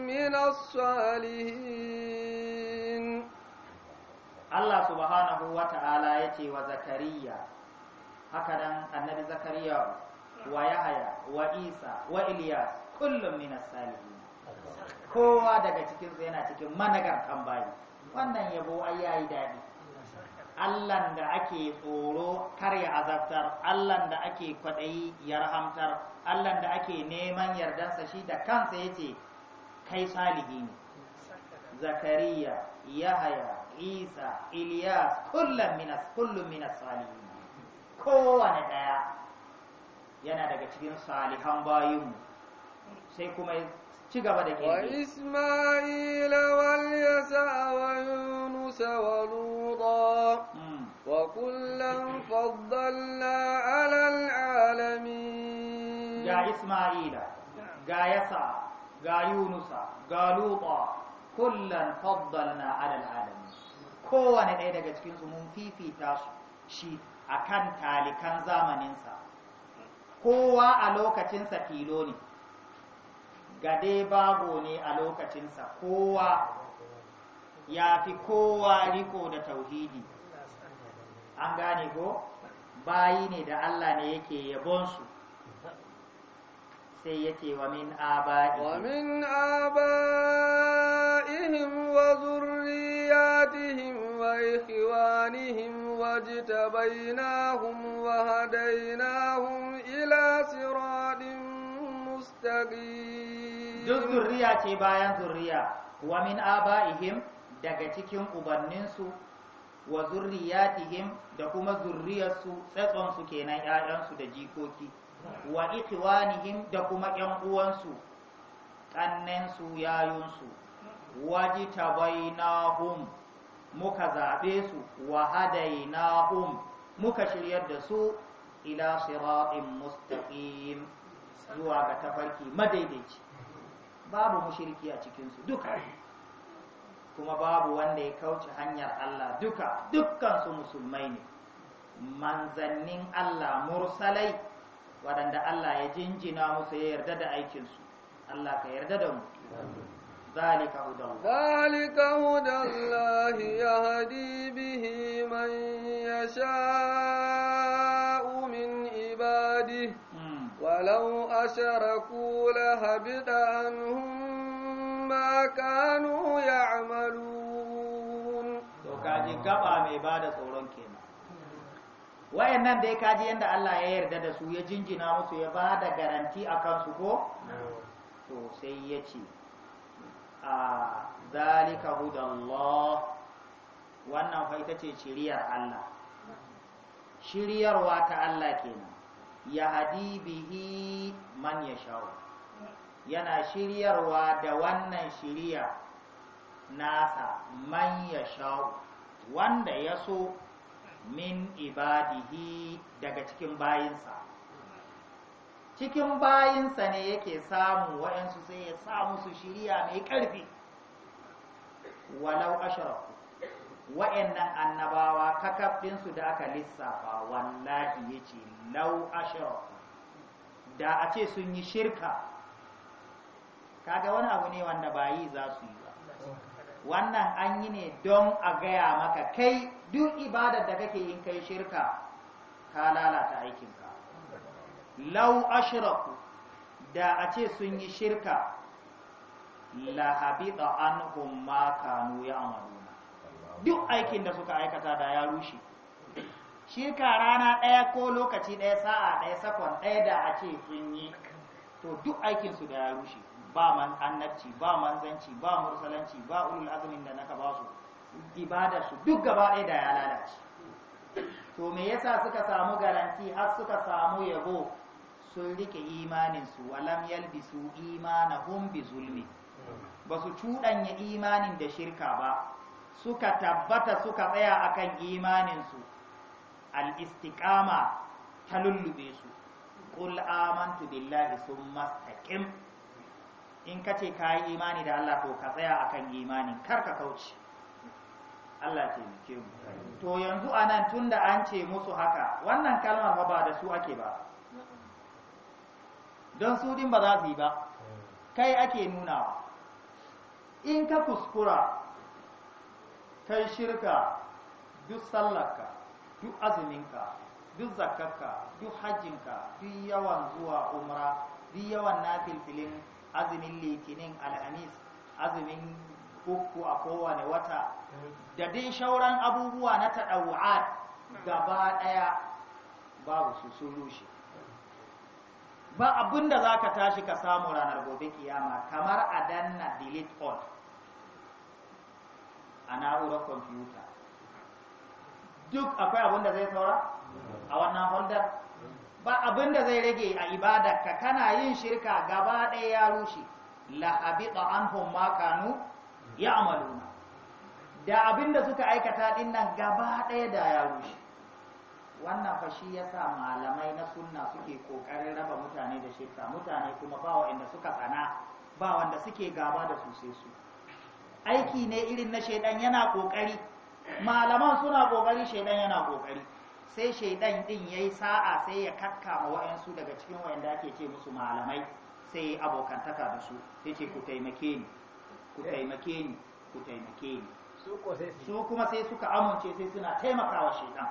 min as-salihin Allah subhanahu wa ta'ala ya ce wa zakariya haka nan annabi zakariya wa yahaya wa isa wa ilyas kullum min salihin kowa daga cikinsu yana cikin managar bayi wannan yabo ai yayi daɗi Allahn da ake tsoro kar ya azabtar Allahn da ake kwaɗayi ya rahamtar allah da ake neman sa shi da kansa yace kai salihi ne zakariya yahaya isa ilyas kullum minas kullum minas salihin kowane ɗaya yana daga cikin salihan bayinmu sai kuma ci gaba da wal yasa wa wa واليسع hmm. wa ولوطا وكلا فضلنا alal alami. ga Isma'ila ga Yasa ga Yunusa ga luda kullan faddalna ala alamin kowane ɗaya daga cikin su mun fifita shi akan talikan zamaninsa kowa a lokacinsa tilo ne gade babu ne a lokacinsa kowa ya fi kowa riko da tauhidi an gane ko bayi ne da Allah ne yake yabonsu sai yake wa min aba'ihim wa min aba'ihim wa zurriyatihim wa ikhwanihim واجتبيناهم وهديناهم إلى صراط مستقيم duk zurriya ce bayan zurriya wa min aba'ihim daga cikin ubanninsu wa zurriyatihim da kuma zurriyarsu tsatsonsu kenan 'ya'yansu da jikoki wa ikhwanihim da kuma ƴan uwansu ƙannensu yayunsu wajitabainahum muka zaɓe su wa hun muka shiryar da su ila siratin mustaqim zuwa ga tafarki madaidaici babu shirki a cikinsu duka kuma babu wanda ya kauce hanyar Allah duka dukkan su musulmai ne manzannin Allah mursalai waɗanda Allah ya jinjina musu ya yarda da aikinsu Allah ka yarda da mu ذلك هدى الله ذلك هدى الله يهدي به من يشاء من عباده ولو أشركوا لهبط عنهم ما كانوا يعملون to kaji gaba mai ba da tsoron kenan wayannan dai kaji yadda Allah ya yarda da su ya jinjina musu ya ba da garanti a kansu ko to sai ya ce a zalika hudallah wannan fa ita ce shiriyar Allah shiryarwa ta Allah kenan ya hadi bihi man shawo yana shiryarwa da wannan shiriya nasa man shawo wanda ya so min ibadihi daga cikin bayinsa cikin bayinsa ne yake samu waɗansu sai ya samu su shirya mai ƙarfi walau asharaku nan annabawa kakafinsu da aka lissafa wallahi ya ce lau asharaku da a ce sun yi shirka kaga wani abu ne wanda bayi za su yi ba wannan an yi ne don a gaya maka kai duk ibadar da kake yin kai shirka ka lalata aikinka lau ashraku da a ce sun yi shirka la habita anhum ma kanu ya'maluna duk aikin da suka aikata da ya rushe shirka rana ɗaya ko lokaci ɗaya sa'a ɗaya sakon ɗaya da a ce sun yi to duk aikinsu da ya rushe ba man annabci ba manzanci ba mursalanci ba ulul azumin da naka ba su su duk gaba ɗaya da ya lalace to me yasa suka samu garanti har suka samu yabo sun rike imaninsu walam yalbisu imanahum bi zulmi ba su cuɗanya imanin da shirka ba suka tabbata suka tsaya akan imaninsu al-istiqama ta lullube su qul amantu billahi sun istaqim in ka ce ka yi imani da Allah to ka tsaya akan imanin kar ka kauce Allah taimake mu to yanzu anan tunda an ce musu haka wannan kalmar ba da su ake ba don su din ba za su yi ba kai ake nunawa in ka kuskura kai shirka duk sallarka duk azuminka duk zakarka duk hajjinka duk yawan zuwa umra duk yawan nafilfilin azumin litinin alhamis azumin uku a kowane wata da dai shauran abubuwa na taɗau'a gaba ɗaya babu su sun rushe ba abin za ka tashi ka samu ranar gobe kiyama kamar a danna delete all a na'urar kwamfuta duk akwai abin da zai saura a wannan holdar ba abinda zai rage a ibada ibadarka kana yin shirka gaba ɗaya ya rushe Lahabi an ma ya amaluna da abinda suka aikata ɗin nan gaba ɗaya da ya rushe wannan fa shi yasa malamai na sunna suke kokarin raba mutane da shirka mutane kuma ba wanda suka tsana ba wanda suke gaba da su sai su aiki ne irin na shaidan yana kokari malaman suna kokari shaidan yana kokari sai shaidan din yayi sa'a sai ya kakkama wa'ansu daga cikin wayanda ake ce musu malamai sai abokantaka da su sai ce ku taimake ni ku taimake ni ku taimake ni su kuma sai suka amince sai suna taimakawa shaidan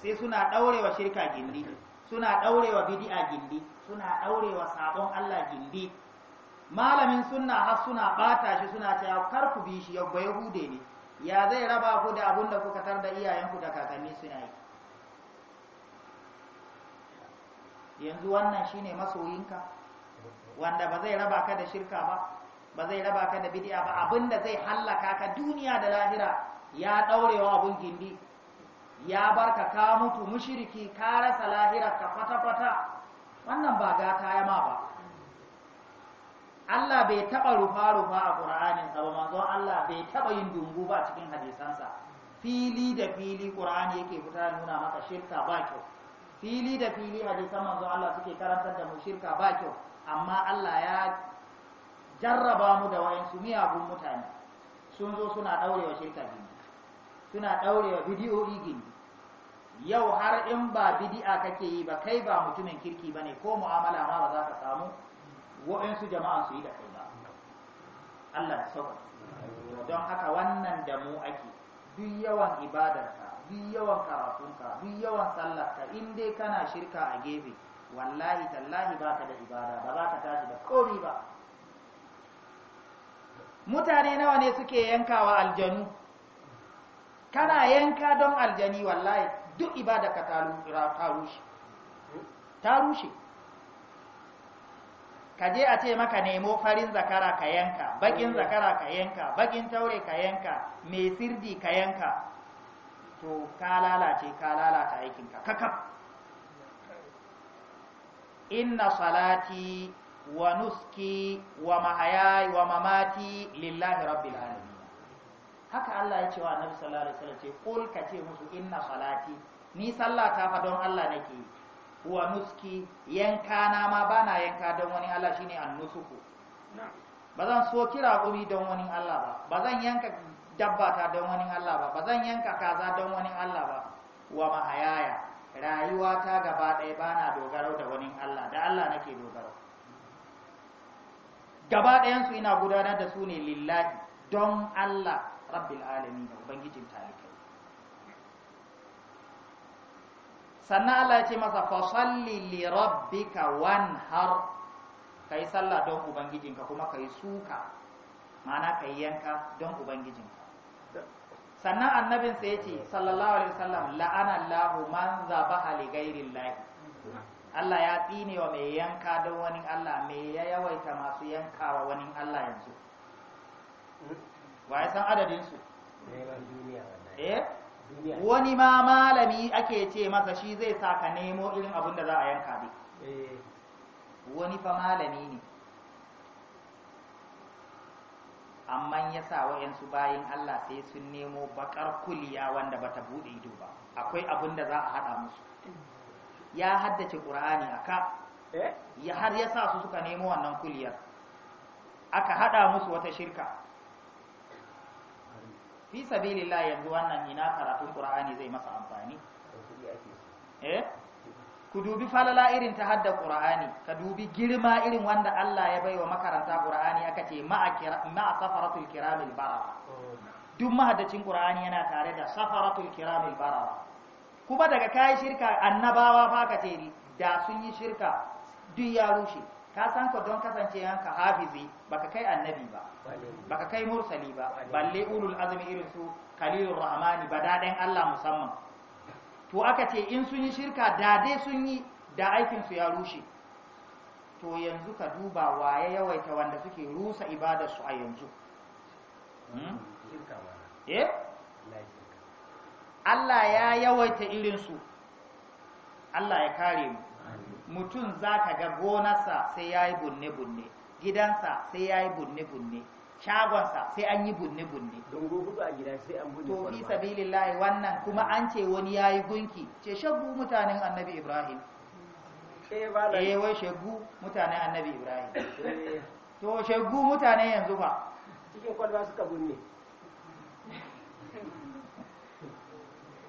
sai suna ɗaurewa shirka gindi suna ɗaurewa bidi'a gindi suna ɗaurewa sabon Allah gindi malamin sunna har suna ɓata shi suna cewa kar ku bi shi yabba yahude ne ya zai raba ku da abun da kuka tar da iyayenku da kakanni suna yi yanzu wannan shine masoyinka wanda ba zai raba ka da shirka ba ba zai raba ka da bidi'a ba abinda zai hallaka ka duniya da lahira ya daurewa abun gindi ya barka ka mutu mushiriki ka rasa lahirar ka fata-fata wannan ba gata ya ma ba Allah bai taɓa rufa-rufa a sa ba manzo Allah bai taba yin dungu ba cikin hadisansa fili da fili ƙura'ani yake fita nuna maka shirka ba kyau fili da fili hadisan manzo Allah suke karantar da mu shirka ba kyau amma Allah ya jarraba mu da wayansu miyagun mutane sun zo suna daurewa shirka gini suna daurewa bidiyoyi gini yau har in ba bidi'a kake yi ba kai ba mutumin kirki ba ne ko mu'amala ma ba za ka samu wa'insu jama'a su yi da kai ba Allah ya sauka don haka wannan da mu ake duk yawan ibadarka duk yawan karatunka duk yawan sallarka in dai kana shirka a gefe wallahi tallahi baka da ibada ba za ka tashi da kori ba mutane nawa ne suke yankawa aljanu kana yanka don aljani wallahi duk ibada ka ta rushe hmm? ta ka je a ce maka nemo farin zakara ka yanka bakin zakara ka yanka bakin taure ka yanka mai sirdi ka yanka to ka lalace ka lalata aikinka kakaf inna salati wa nuski wa mahayai wa mamati lillahi rabbil alamin haka Allah ya ce wa annabi sallallahu alaihi wasallam ce qul ka ce musu inna salati ni sallah ta fa don Allah nake yi wa nuski yanka na ma bana yanka don wani Allah shine annusuku ba zan so kira gumi don wani Allah ba ba zan yanka dabba ta don wani Allah ba ba zan yanka kaza don wani Allah ba wa mahayaya rayuwa ta gaba ɗaya bana dogaro da wani Allah da Allah nake dogaro gaba ɗayansu ina gudanar da su ne lillahi don Allah rabbil alamin ubangijin talikai sannan Allah ya ce masa fa salli li rabbika wanhar kai sallah don ubangijinka kuma kai suka ma'ana kai yanka don ubangijinka sannan annabin sai yace sallallahu alaihi wasallam la'ana Allahu man zabaha li ghairi Allah ya tsine wa mai yanka don wani Allah mai ya yawaita masu yankawa wani Allah yanzu wa ya san adadinsu eh wani ma malami ake ce masa shi zai saka nemo irin abin da za a yanka dai eh. wani fa malami ne amma ya sa wa'yansu bayan Allah sai sun nemo bakar kuliya wanda bata buɗe ido ba akwai abin da za a haɗa musu ya haddace ƙur'ani a ka eh? ya har ya sa su suka nemo wannan kuliyar aka haɗa musu wata shirka fi sabilillah yanzu wannan ina karatun qur'ani zai masa amfani eh ku dubi falala irin ta hadda qur'ani ka dubi girma irin wanda Allah ya baiwa makaranta qur'ani aka ce ma'a safaratul kiramil barara duk mahaddacin qur'ani yana tare da safaratul kiramil barara kuma daga kai shirka annabawa fa ka ce da sun yi shirka duk ya rushe ka san ko don kasance yanka hafizi baka kai annabi ba baka kai mursali ba balle ulul azmi irin su kalilur rahmani ba daɗin Allah musamman to aka ce in sun yi shirka da dai sun yi da aikin su ya rushe to yanzu ka duba waye yawaita wanda suke rusa ibadar su a yanzu hmm? eh? Allah ya yawaita irin su Allah ya kare mu mutum za ka ga gonarsa sai ya yi bunne-bunne gidansa sai ya yi bunne-bunne shagonsa sai an yi bunne-bunne to fi sabilillahi wannan kuma an ce wani ya yi gunki ce shagu eh, mutanen annabi ibrahim eh wai shagu mutanen annabi ibrahim to shagu mutane yanzu ba cikin kwalba suka bunne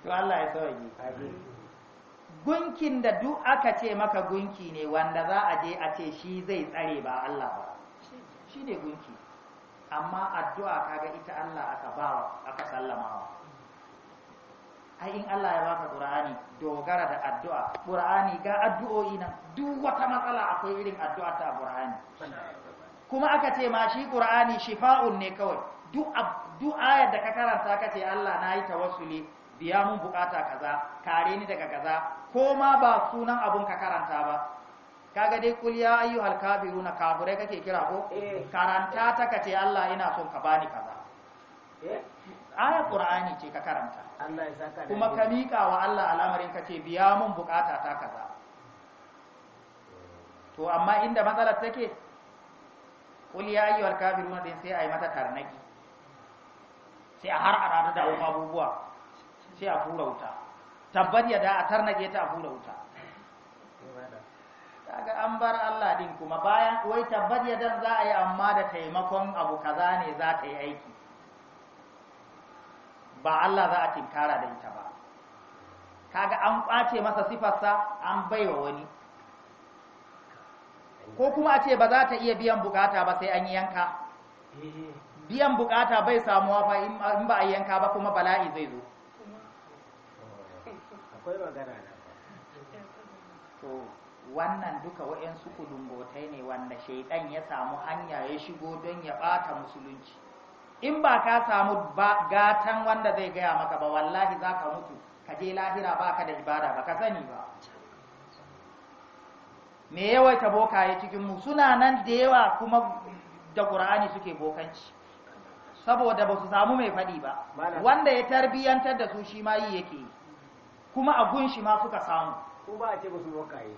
to Allah ya sauke gunkin da duk aka ce maka gunki ne wanda za a je a ce shi zai tsare ba Allah ba shi ne gunki amma addu'a kaga ita Allah aka bawa aka sallamawa ai in Allah ya baka Qur'ani dogara da addu'a Qur'ani ga addu'o'i nan duk wata matsala akwai irin addu'a ta Qur'ani kuma aka ce ma shi Qur'ani shifa'un ne kawai duk ayar da ka karanta ka ce Allah na yi tawassuli biya mun bukata kaza kare ni daga kaza ko ma ba sunan abun ka karanta ba kaga dai kul ya ayyuhal kafiruna kafirai kake kira ko eh. karanta ta kace Allah ina son ka bani kaza eh? aya qur'ani ce ka karanta Allah ya saka kuma ka mika wa Allah al'amarin ka ce biya mun bukata ta kaza to amma inda matsalar take kul ya ayyuhal kafiruna din sai ai mata karnaki, sai a har arada da abubuwa sai a hura wuta tabbat ya da a tarnage ta a hura wuta daga an bar Allah din kuma bayan wai tabbat ya za a yi amma da taimakon abu kaza ne za ta yi aiki ba Allah za a tinkara da ita ba kaga an kwace masa sifarsa an baiwa wani ko kuma a ce ba za ta iya biyan bukata ba sai an yi yanka eh. biyan bukata bai samuwa ba in ba a yanka ba kuma bala'i zai zo akwai magana to wannan duka su kudungotai ne wanda shaidan ya samu hanya ya shigo don ya bata musulunci in ba ka samu gatan wanda zai gaya maka ba wallahi za ka mutu ka je lahira ba ka da ibada ba ka sani ba me yawaita bokaye cikin mu suna nan da yawa kuma da ƙur'ani suke bokanci saboda ba su samu mai faɗi ba wanda ya tarbiyantar da su shi ma yi yake yi kuma a gunshi ma suka samu ko ba a ce ba su wakaye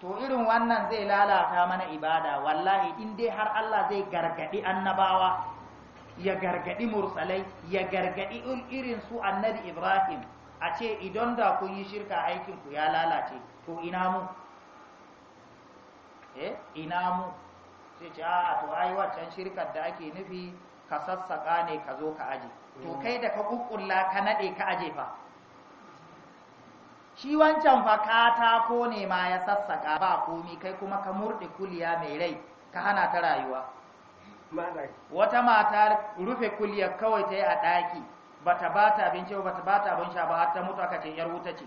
to irin wannan zai lalata mana ibada wallahi in dai har Allah zai gargadi annabawa ya gargadi mursalai ya gargadi irin su annabi Ibrahim a ce idan da kun yi shirka aikin ku ya lalace to ina mu eh ina mu sai ce a to ai waccan shirkar da ake nufi ka sassaka ne ka zo ka aje to mm. kai da ka kukkulla ka nade ka aje fa shi wancan fa katako ne ma ya sassaka ba komi kai kuma ka murɗe kuliya mai rai ka hana ta rayuwa wata mata rufe kuliya kawai ta yi a ɗaki ba ta ba ta abinci ba ta ba ta abin sha ba har ta mutu aka ce yar wuta ce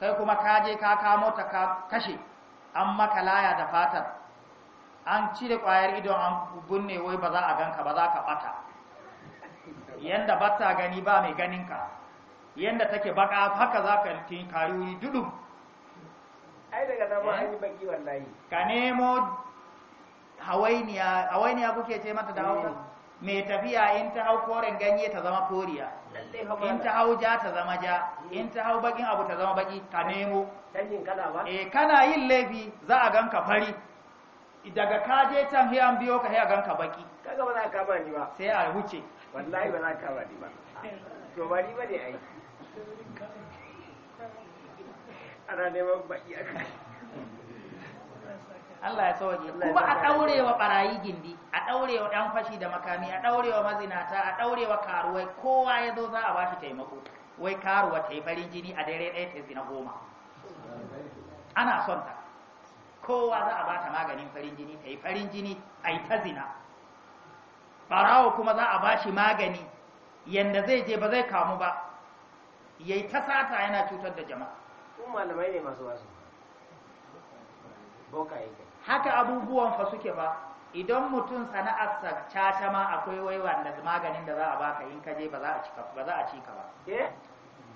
kai kuma ka je ka kamo ta kashe an maka laya da fatar an cire ƙwayar idon an binne wai ba za a ganka ba za ka ɓata yanda ba ta gani ba mai ganinka yanda take baka haka za ka yi wuri dudu ai daga zama an yi baki wallahi ka nemo hawainiya hawainiya kuke ce mata da hausa eh. mai tafiya in ta hau koren ganye ta zama koriya in ta hau ja ta zama ja eh. in ta hau bakin abu ta zama baki ka nemo eh kana yin laifi za a ganka fari daga ka je can sai an biyo ka sai a ganka baki kaga ba za ka ba ni ba sai a huce wallahi ba za ka ba ni ba to bari ba ne ai ana neman Allah ya sauke kuma a ɗaurewa ɓarayi gindi a ɗaurewa ɗan fashi da makami a ɗaurewa mazinata a ɗaurewa karuwai kowa ya zo za a ba shi taimako wai karuwa ta yi farin jini a dare ɗaya ta zina goma ana son ta kowa za a ba ta maganin farin jini ta yi farin jini a yi ta zina ɓarawo kuma za a ba shi magani yadda zai je ba zai kamu ba yayi ta sata yana cutar da jama'a kun malamai ne masu wasu boka haka abubuwan fa suke ba idan mutum sa caca ma akwai waiwa da maganin da za a baka in ka je ba za a ci ka ba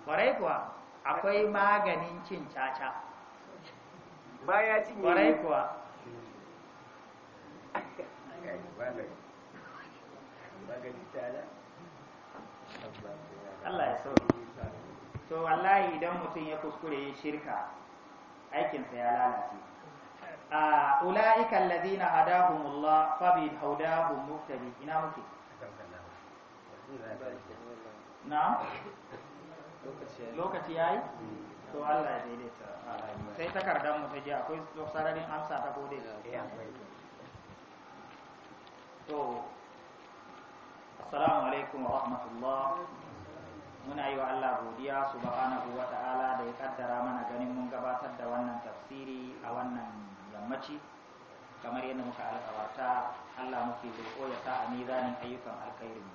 kwarai kuwa akwai maganin cin caca baya cinye kwarai kuwa Allah ya sauri to wallahi idan mutum ya kuskure ya shirka aikinsa ya lalace a ula'ika alladhina hadahumullah fa bi hudahum ina muke na lokaci yi to Allah ya daidaita sai takardar mu ta je akwai sararin amsa ta gode eh, to assalamu alaikum wa rahmatullah muna yi wa Allah godiya su subhanahu wa ta'ala da ya kaddara mana ganin mun gabatar da wannan tafsiri a wannan yammaci kamar yadda muka alƙawarta Allah muke roƙo ya sa a mizanin ayyukan alkhairin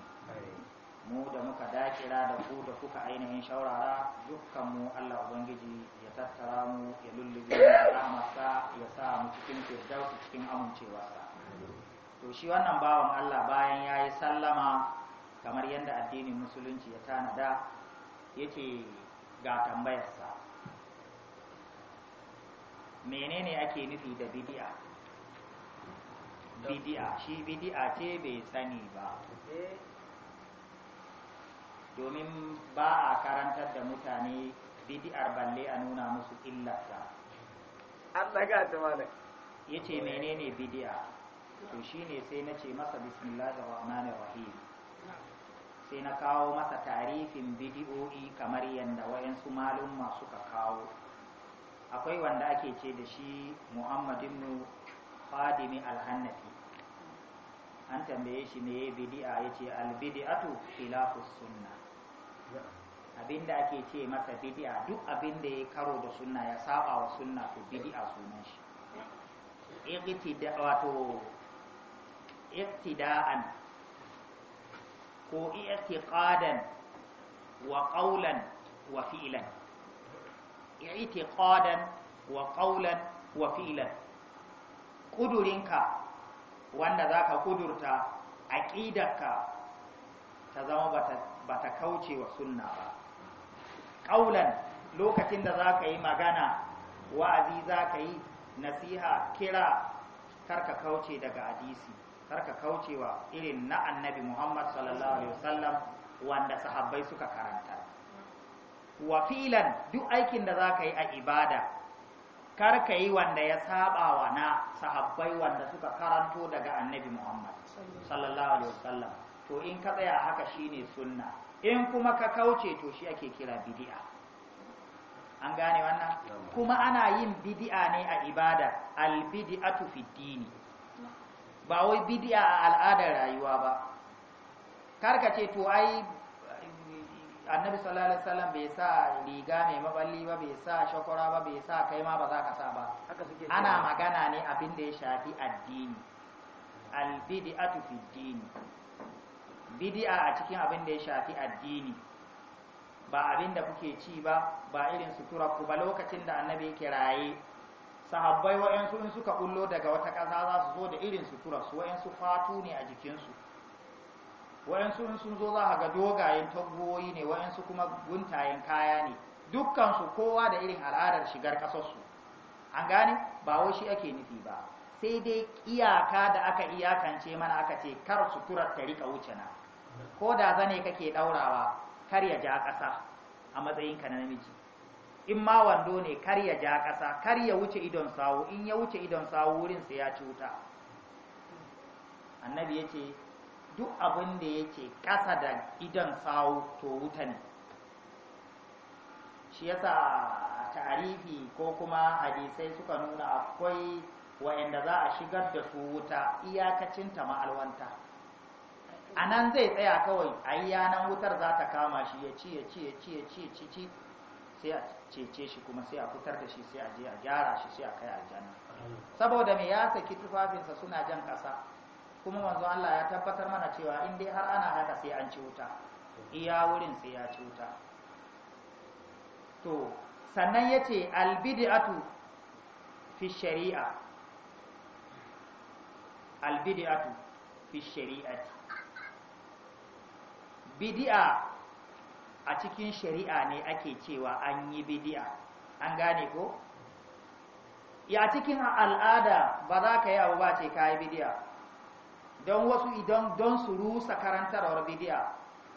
mu da muka dakira da ku da kuka ainihin shaurara dukkan mu Allah ubangiji ya tattara mu ya lullube da sa ya sa mu cikin firdausi cikin amincewa. to shi wannan bawan Allah bayan yayi sallama kamar yadda addinin musulunci ya tanada ce ga tambayarsa menene ake nufi da bidiya bidi'a shi bidiya ce bai sani ba domin ba a karantar da mutane bidiyar balle a nuna musu illarta Ya ce menene bidi'a to shine sai na ce masa da rahmanir rahim sai na kawo masa tarifin bidiyoyi kamar yadda wayansu malum masu ka kawo akwai wanda ake ce da shi muhammadin mu fadimi alhannafi an tambaye shi ne bidi'a ya ce albidi'atu khilafus sunna abinda ake ce masa bidi'a duk abinda ya karo da sunna ya saba wa sunna to bidi'a sunan shi iqtida wato iqtida'an ko i'tiqadan wa qawlan wa fi'lan i'tiqadan wa qawlan wa fi'lan kudurinka wanda zaka kudurta aqidarka ta zama bata bata kauce wa sunna ba qawlan lokacin da zaka yi magana wa'azi zaka yi nasiha kira karka kauce daga hadisi kauce kaucewa irin na annabi muhammad sallallahu alaihi wasallam wanda sahabbai suka karanta wa filan duk aikin da zaka yi a ibada kar ka yi wanda ya saba wa na sahabbai wanda suka karanto daga annabi muhammad sallallahu alaihi wasallam to in ka tsaya haka shine sunna in kuma ka kauce to shi ake kira bid'a an gane wannan kuma ana yin bid'a ne a ibada al bid'atu fi dini ba wai bidiya a al'adar rayuwa ba karka ce to ai annabi sallallahu alaihi wasallam bai sa riga mai maballi ba bai sa shakura ba bai sa kai ma ba za ka sa ba ana magana ne abin da ya shafi addini albid'atu fi dini bid'a a cikin abin da ya shafi addini ba abin da kuke ci ba ba irin su ku ba lokacin da annabi yake raye sahabbai wa'yansu in suka kullo daga wata ƙasa za su zo da irin suturarsu wa'yansu fatu ne a jikinsu wa'yansu in sun zo za a ga dogayen taggoyi ne wa'yansu kuma guntayen kaya ne dukkansu kowa da irin al'adar shigar ƙasarsu an gane ba wai shi ake nufi ba sai dai iyaka da aka iyakance mana aka ce kar suturar ta rika wuce na ko da zane kake ɗaurawa kar ya ja ƙasa a matsayinka na namiji in ma wando ne kar ya ja ƙasa kar ya wuce idon sawu in ya wuce idon sawu wurin sai ya ci wuta annabi ya ce duk abin da yake ƙasa da idon sawu to wuta ne shi sa tarihi ko kuma hadisai suka nuna akwai wa'anda za a shigar da su wuta iyakacinta ma'alwanta a nan zai tsaya kawai a yanan wutar za ta kama shi ya ci ya ci ya ci ya ci ya ci sai a cece shi kuma sai a fitar da shi sai a je a gyara shi sai a kai aljanna saboda me ya saki tufafinsa suna jan ƙasa kuma manzo Allah ya tabbatar mana cewa in dai har ana haka sai an ci wuta iya wurin sai ya ci wuta to sannan yace albid'atu fi shari'a albid'atu fi shari'ati bid'a a cikin shari'a ne ake cewa an yi bidi'a an gane ko ya cikin al'ada ba za ka yi abu ba ce ka yi bidi'a don wasu idan don su rusa karantarwar bidiya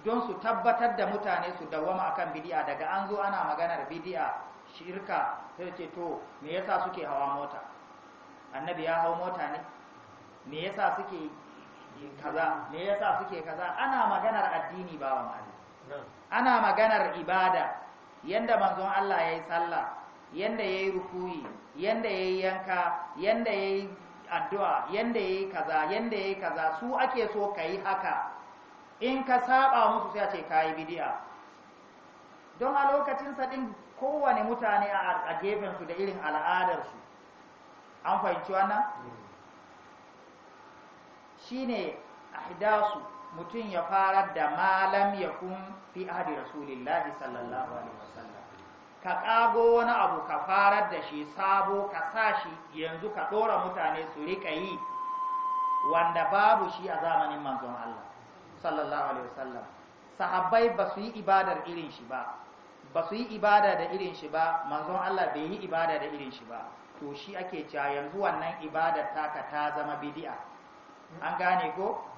don su tabbatar da mutane su dawama akan bidiya daga an zo ana maganar bidi'a shirka sai ce to me yasa suke hawa mota annabi ya hau mota ne me yasa suke kaza me yasa suke kaza ana maganar addini ba wa ana maganar ibada yanda manzon Allah ya yi sallah yanda ya yi rukuyi yanda ya yi yanka yanda ya yi addu'a yanda ya yi kaza yanda ya yi kaza su ake so ka yi haka in ka saba musu sai a ce ka yi bidiya don a lokacin sadin kowane mutane a gefensu da irin al'adarsu an fahimci wannan mm. shi ne a ahdasu mutum ya fara da malam ya kun fi ahadi rasulillahi sallallahu alaihi wasallam ka kago wani abu ka fara da shi sabo ka sa shi yanzu ka ɗora mutane su riƙa yi wanda babu shi a zamanin manzon Allah sallallahu alaihi wasallam sahabbai ba su yi ibadar irin shi ba ba su yi ibada da irin shi ba manzon Allah bai yi ibada da irin shi ba to shi ake cewa yanzu wannan ibadar taka ta zama bid'a an gane ko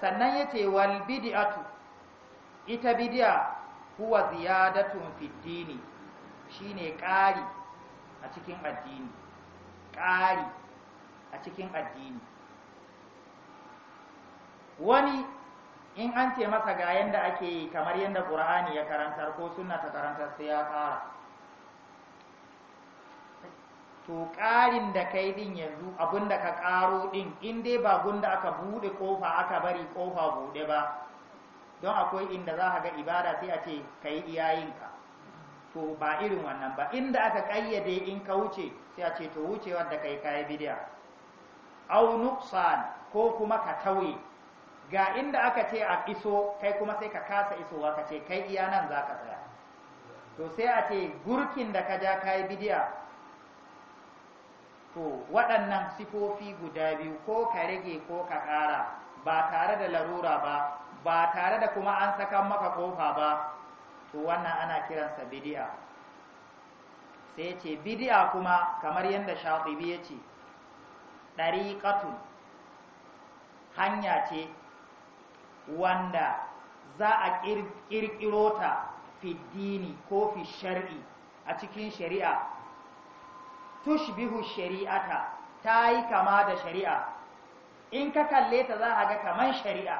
sannan yace wal bid'atu ita bidiya huwa ziyadatun fiddini shi shine ƙari a cikin addini ƙari a cikin addini wani in an ce masa ga yadda ake kamar yadda ƙura'ani ya karantar ko sunnata ta karantar sai ya ƙara to ƙarin da kai din yanzu da ka ƙaro din in dai ba gunda aka buɗe ƙofa aka bari kofa buɗe ba don akwai inda za ka ga ibada sai a ce ka yi iyayenka to ba irin wannan ba inda aka ƙayyade in ka wuce sai a ce to wucewar da kai kayi bidiya au nuqsan ko kuma ka tauye ga inda aka ce a iso kai kuma sai ka kasa isowa ka ce kai iya nan za ka tsaya to sai a ce gurkin da ka ja kayi bidiya to waɗannan sifofi guda biyu ko ka rage ko ka ƙara ba tare da larura ba ba tare da kuma an sakan maka ƙofa ba to wannan ana kiransa bidiya sai ce bidi'a kuma kamar yadda shafibi ya ce ɗariƙatun hanya ce wanda za a ƙirƙiro ta fiddini ko fi shari'a a cikin shari'a tushbihu shari'ata ta yi kama da shari'a in ka kalle ta za a ga kaman shari'a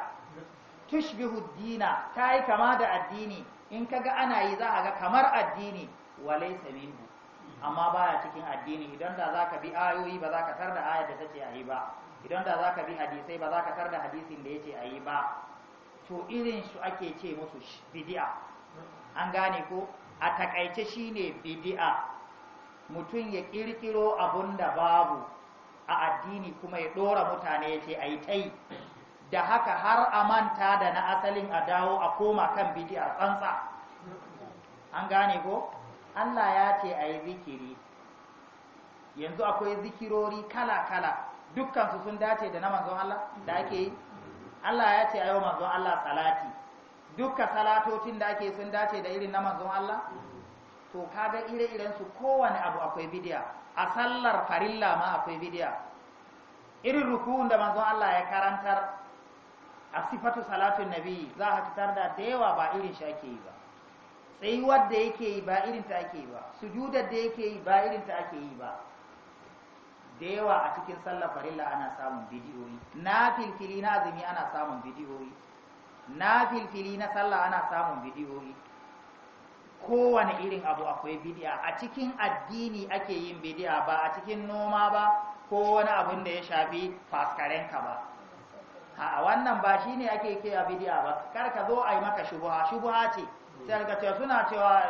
tushbihu dina ta yi kama da addini in ka ga ana yi za a ga kamar addini walai minhu amma baya cikin addini idan da za ka bi ayoyi ba za ka tar da ayar da ta ce a yi ba idan da za ka bi hadisai ba za ka tar da hadisin da ya ce a yi ba to irin su ake ce musu bidi'a an gane ko a takaice shine bidi'a mutum ya kirkiro abun da babu a addini kuma ya dora mutane ya ce a yi tai da haka har a manta da na asalin a dawo a koma kan a tsantsa an gane ko allah ya ce a yi zikiri yanzu akwai zikirori kala-kala dukkansu sun dace da na manzon allah da ake yi allah ya ce a yau manzon allah salati dukka salatocin da ake sun dace da irin na manzon allah to kaga ire-iren su kowane abu akwai bidiya a sallar farilla ma akwai bidiya irin rukun da manzon Allah ya karantar a sifatu salatun nabi za a fitar da da yawa ba irin shi ake yi ba tsayuwar da yake yi ba irin ta ake yi ba sujudar da yake yi ba irin ta ake yi ba da yawa a cikin sallar farilla ana samun bidiyoyi na filfili na azumi ana samun bidiyoyi na filfili na sallah ana samun bidiyoyi kowane irin abu akwai bidiya a cikin addini ake yin bidiya ba a cikin noma ba ko wani abun da ya shafi faskarenka ba a wannan ba shi ne ake ke a bidiya ba kar ka zo a yi maka shubuha shubuha ce sai ka ce suna cewa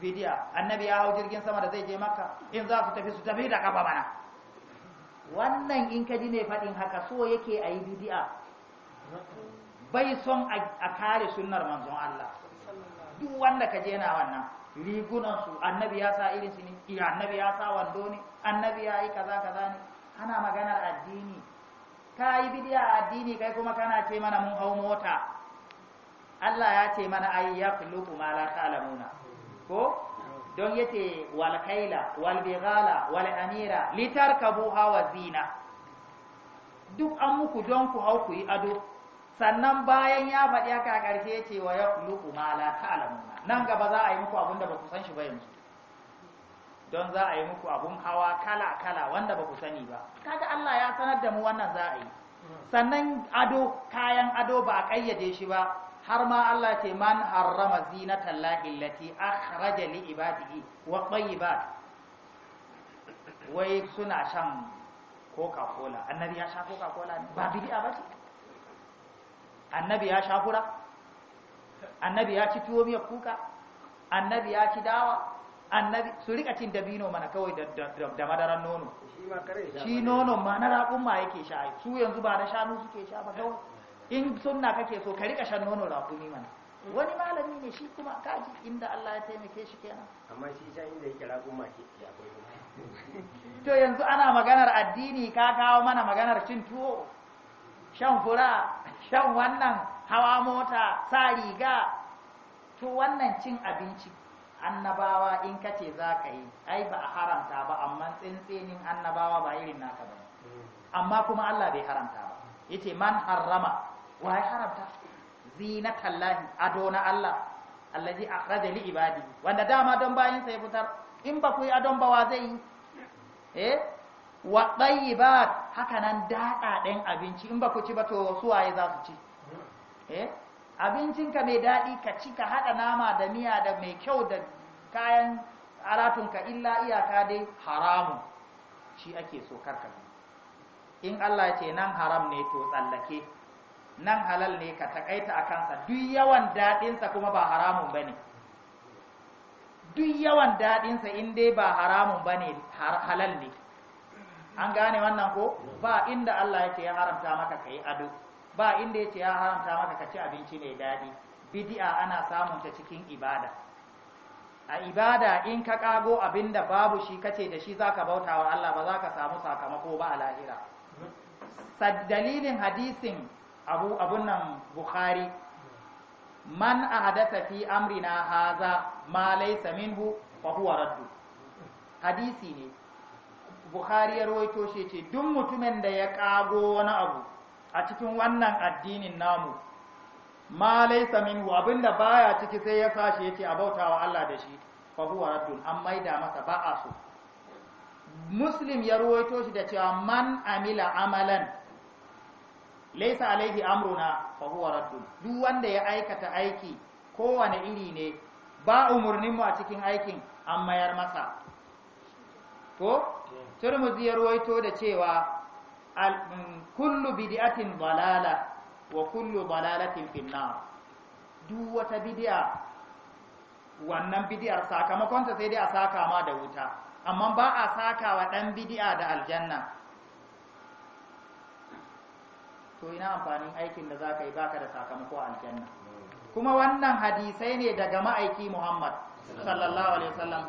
bidiya annabi ya hau jirgin sama da zai je maka in za su tafi su tafi da kafa mana wannan in ka ji ne faɗin haka so yake a yi bidiya bai son a kare sunnar manzon Allah duk wanda ka je na wannan rigunan su annabi ya sa irin su ne eh, annabi ya sa wando ne annabi ya yi kaza kaza ne ana maganar addini ka yi bidiya addini kai kuma kana ce mana mun hau mota Allah ya ce mana ai ya kulluku ma la ta'lamuna ko don yace wal kaila wal bighala wal amira litarkabu hawa zina duk an muku don ku hau ku yi ado sannan bayan ya faɗi haka a ƙarshe ya ce wa ya kuluku ma la nan gaba za a yi muku abun da ba ku san shi ba yanzu don za a yi muku abun hawa kala kala wanda ba ku sani ba kaga Allah ya sanar da mu wannan za a yi sannan ado kayan ado ba a kayyade shi ba har ma Allah ce man harrama zinata lahi allati akhraja li ibadihi wa tayyibat wai suna shan coca cola annabi ya sha coca cola ba bid'a ba ce annabi ya shafura annabi ya ci tuwo miyar kuka annabi ya ci dawa annabi su rika cin dabino mana kawai da madaran nono shi nono ma na raƙun ma yake sha su yanzu ba na shanu suke sha ba kawai in sunna kake so ka rika shan nono raƙumi mana wani malami ne shi kuma kaji inda Allah ya taimake shi kenan amma shi sha inda yake raƙun ma ke akwai to yanzu ana maganar addini ka kawo mana maganar cin tuwo shan fura shan wannan hawa mota sa riga to wannan cin abinci annabawa in ka ce za ka yi ai ba a haramta ba amma tsintsenin annabawa ba irin naka ba mm. amma kuma Allah bai haramta ba yace man harrama wa ya haramta zinatallahi ado na Allah allazi akhraja li ibadi wanda dama don bayin sai fitar in ba ku yi adon ba wa zai yi eh wa ba haka nan daɗaɗen abinci in ba ku ci ba to suwaye za su ci eh abincinka mai daɗi ka ci ka haɗa nama da miya da mai kyau da kayan aratunka illa iyaka dai haramun shi ake so karka in Allah ce nan haram ne to tsallake nan halal ne ka taƙaita a kansa duk yawan daɗinsa kuma ba haramun ba ne duk yawan daɗinsa in dai ba haramun ba ne halal ne an gane wannan ko ba inda Allah yake ya haramta maka kai ado ba inda yake ya haramta maka ka ci abinci mai daɗi bid'a ana samun ta cikin ibada a ibada in ka kago abinda babu shi kace da shi zaka bautawa Allah ba za ka samu sakamako ba a lahira dalilin hadisin abu abun nan bukhari man ahadatha fi amrina haza ma laysa minhu fa huwa raddu hadisi ne bukhari ya rawaito shi ce duk mutumin da ya kago wani abu a cikin wannan addinin namu ma laysa minhu abinda baya ciki sai ya sashi yace a bautawa Allah da shi fa huwa raddun an maida masa ba a so muslim ya rawaito shi da cewa man amila amalan laysa alaihi amruna fa huwa raddun duk wanda ya aikata aiki kowane iri ne ba umurnin mu a cikin aikin an mayar masa ko turmuzi ya ruwaito da cewa mm, kullu bidi'atin balala wa kullu balalatin finna duk wata bid'a wannan bidi'ar sakamakonta sai dai a saka ma da wuta amma ba a saka wa dan bidi'a da aljanna to ina amfanin aikin da zaka yi baka da sakamako a aljanna kuma wannan hadisai ne daga ma'aiki Muhammad sallallahu alaihi wasallam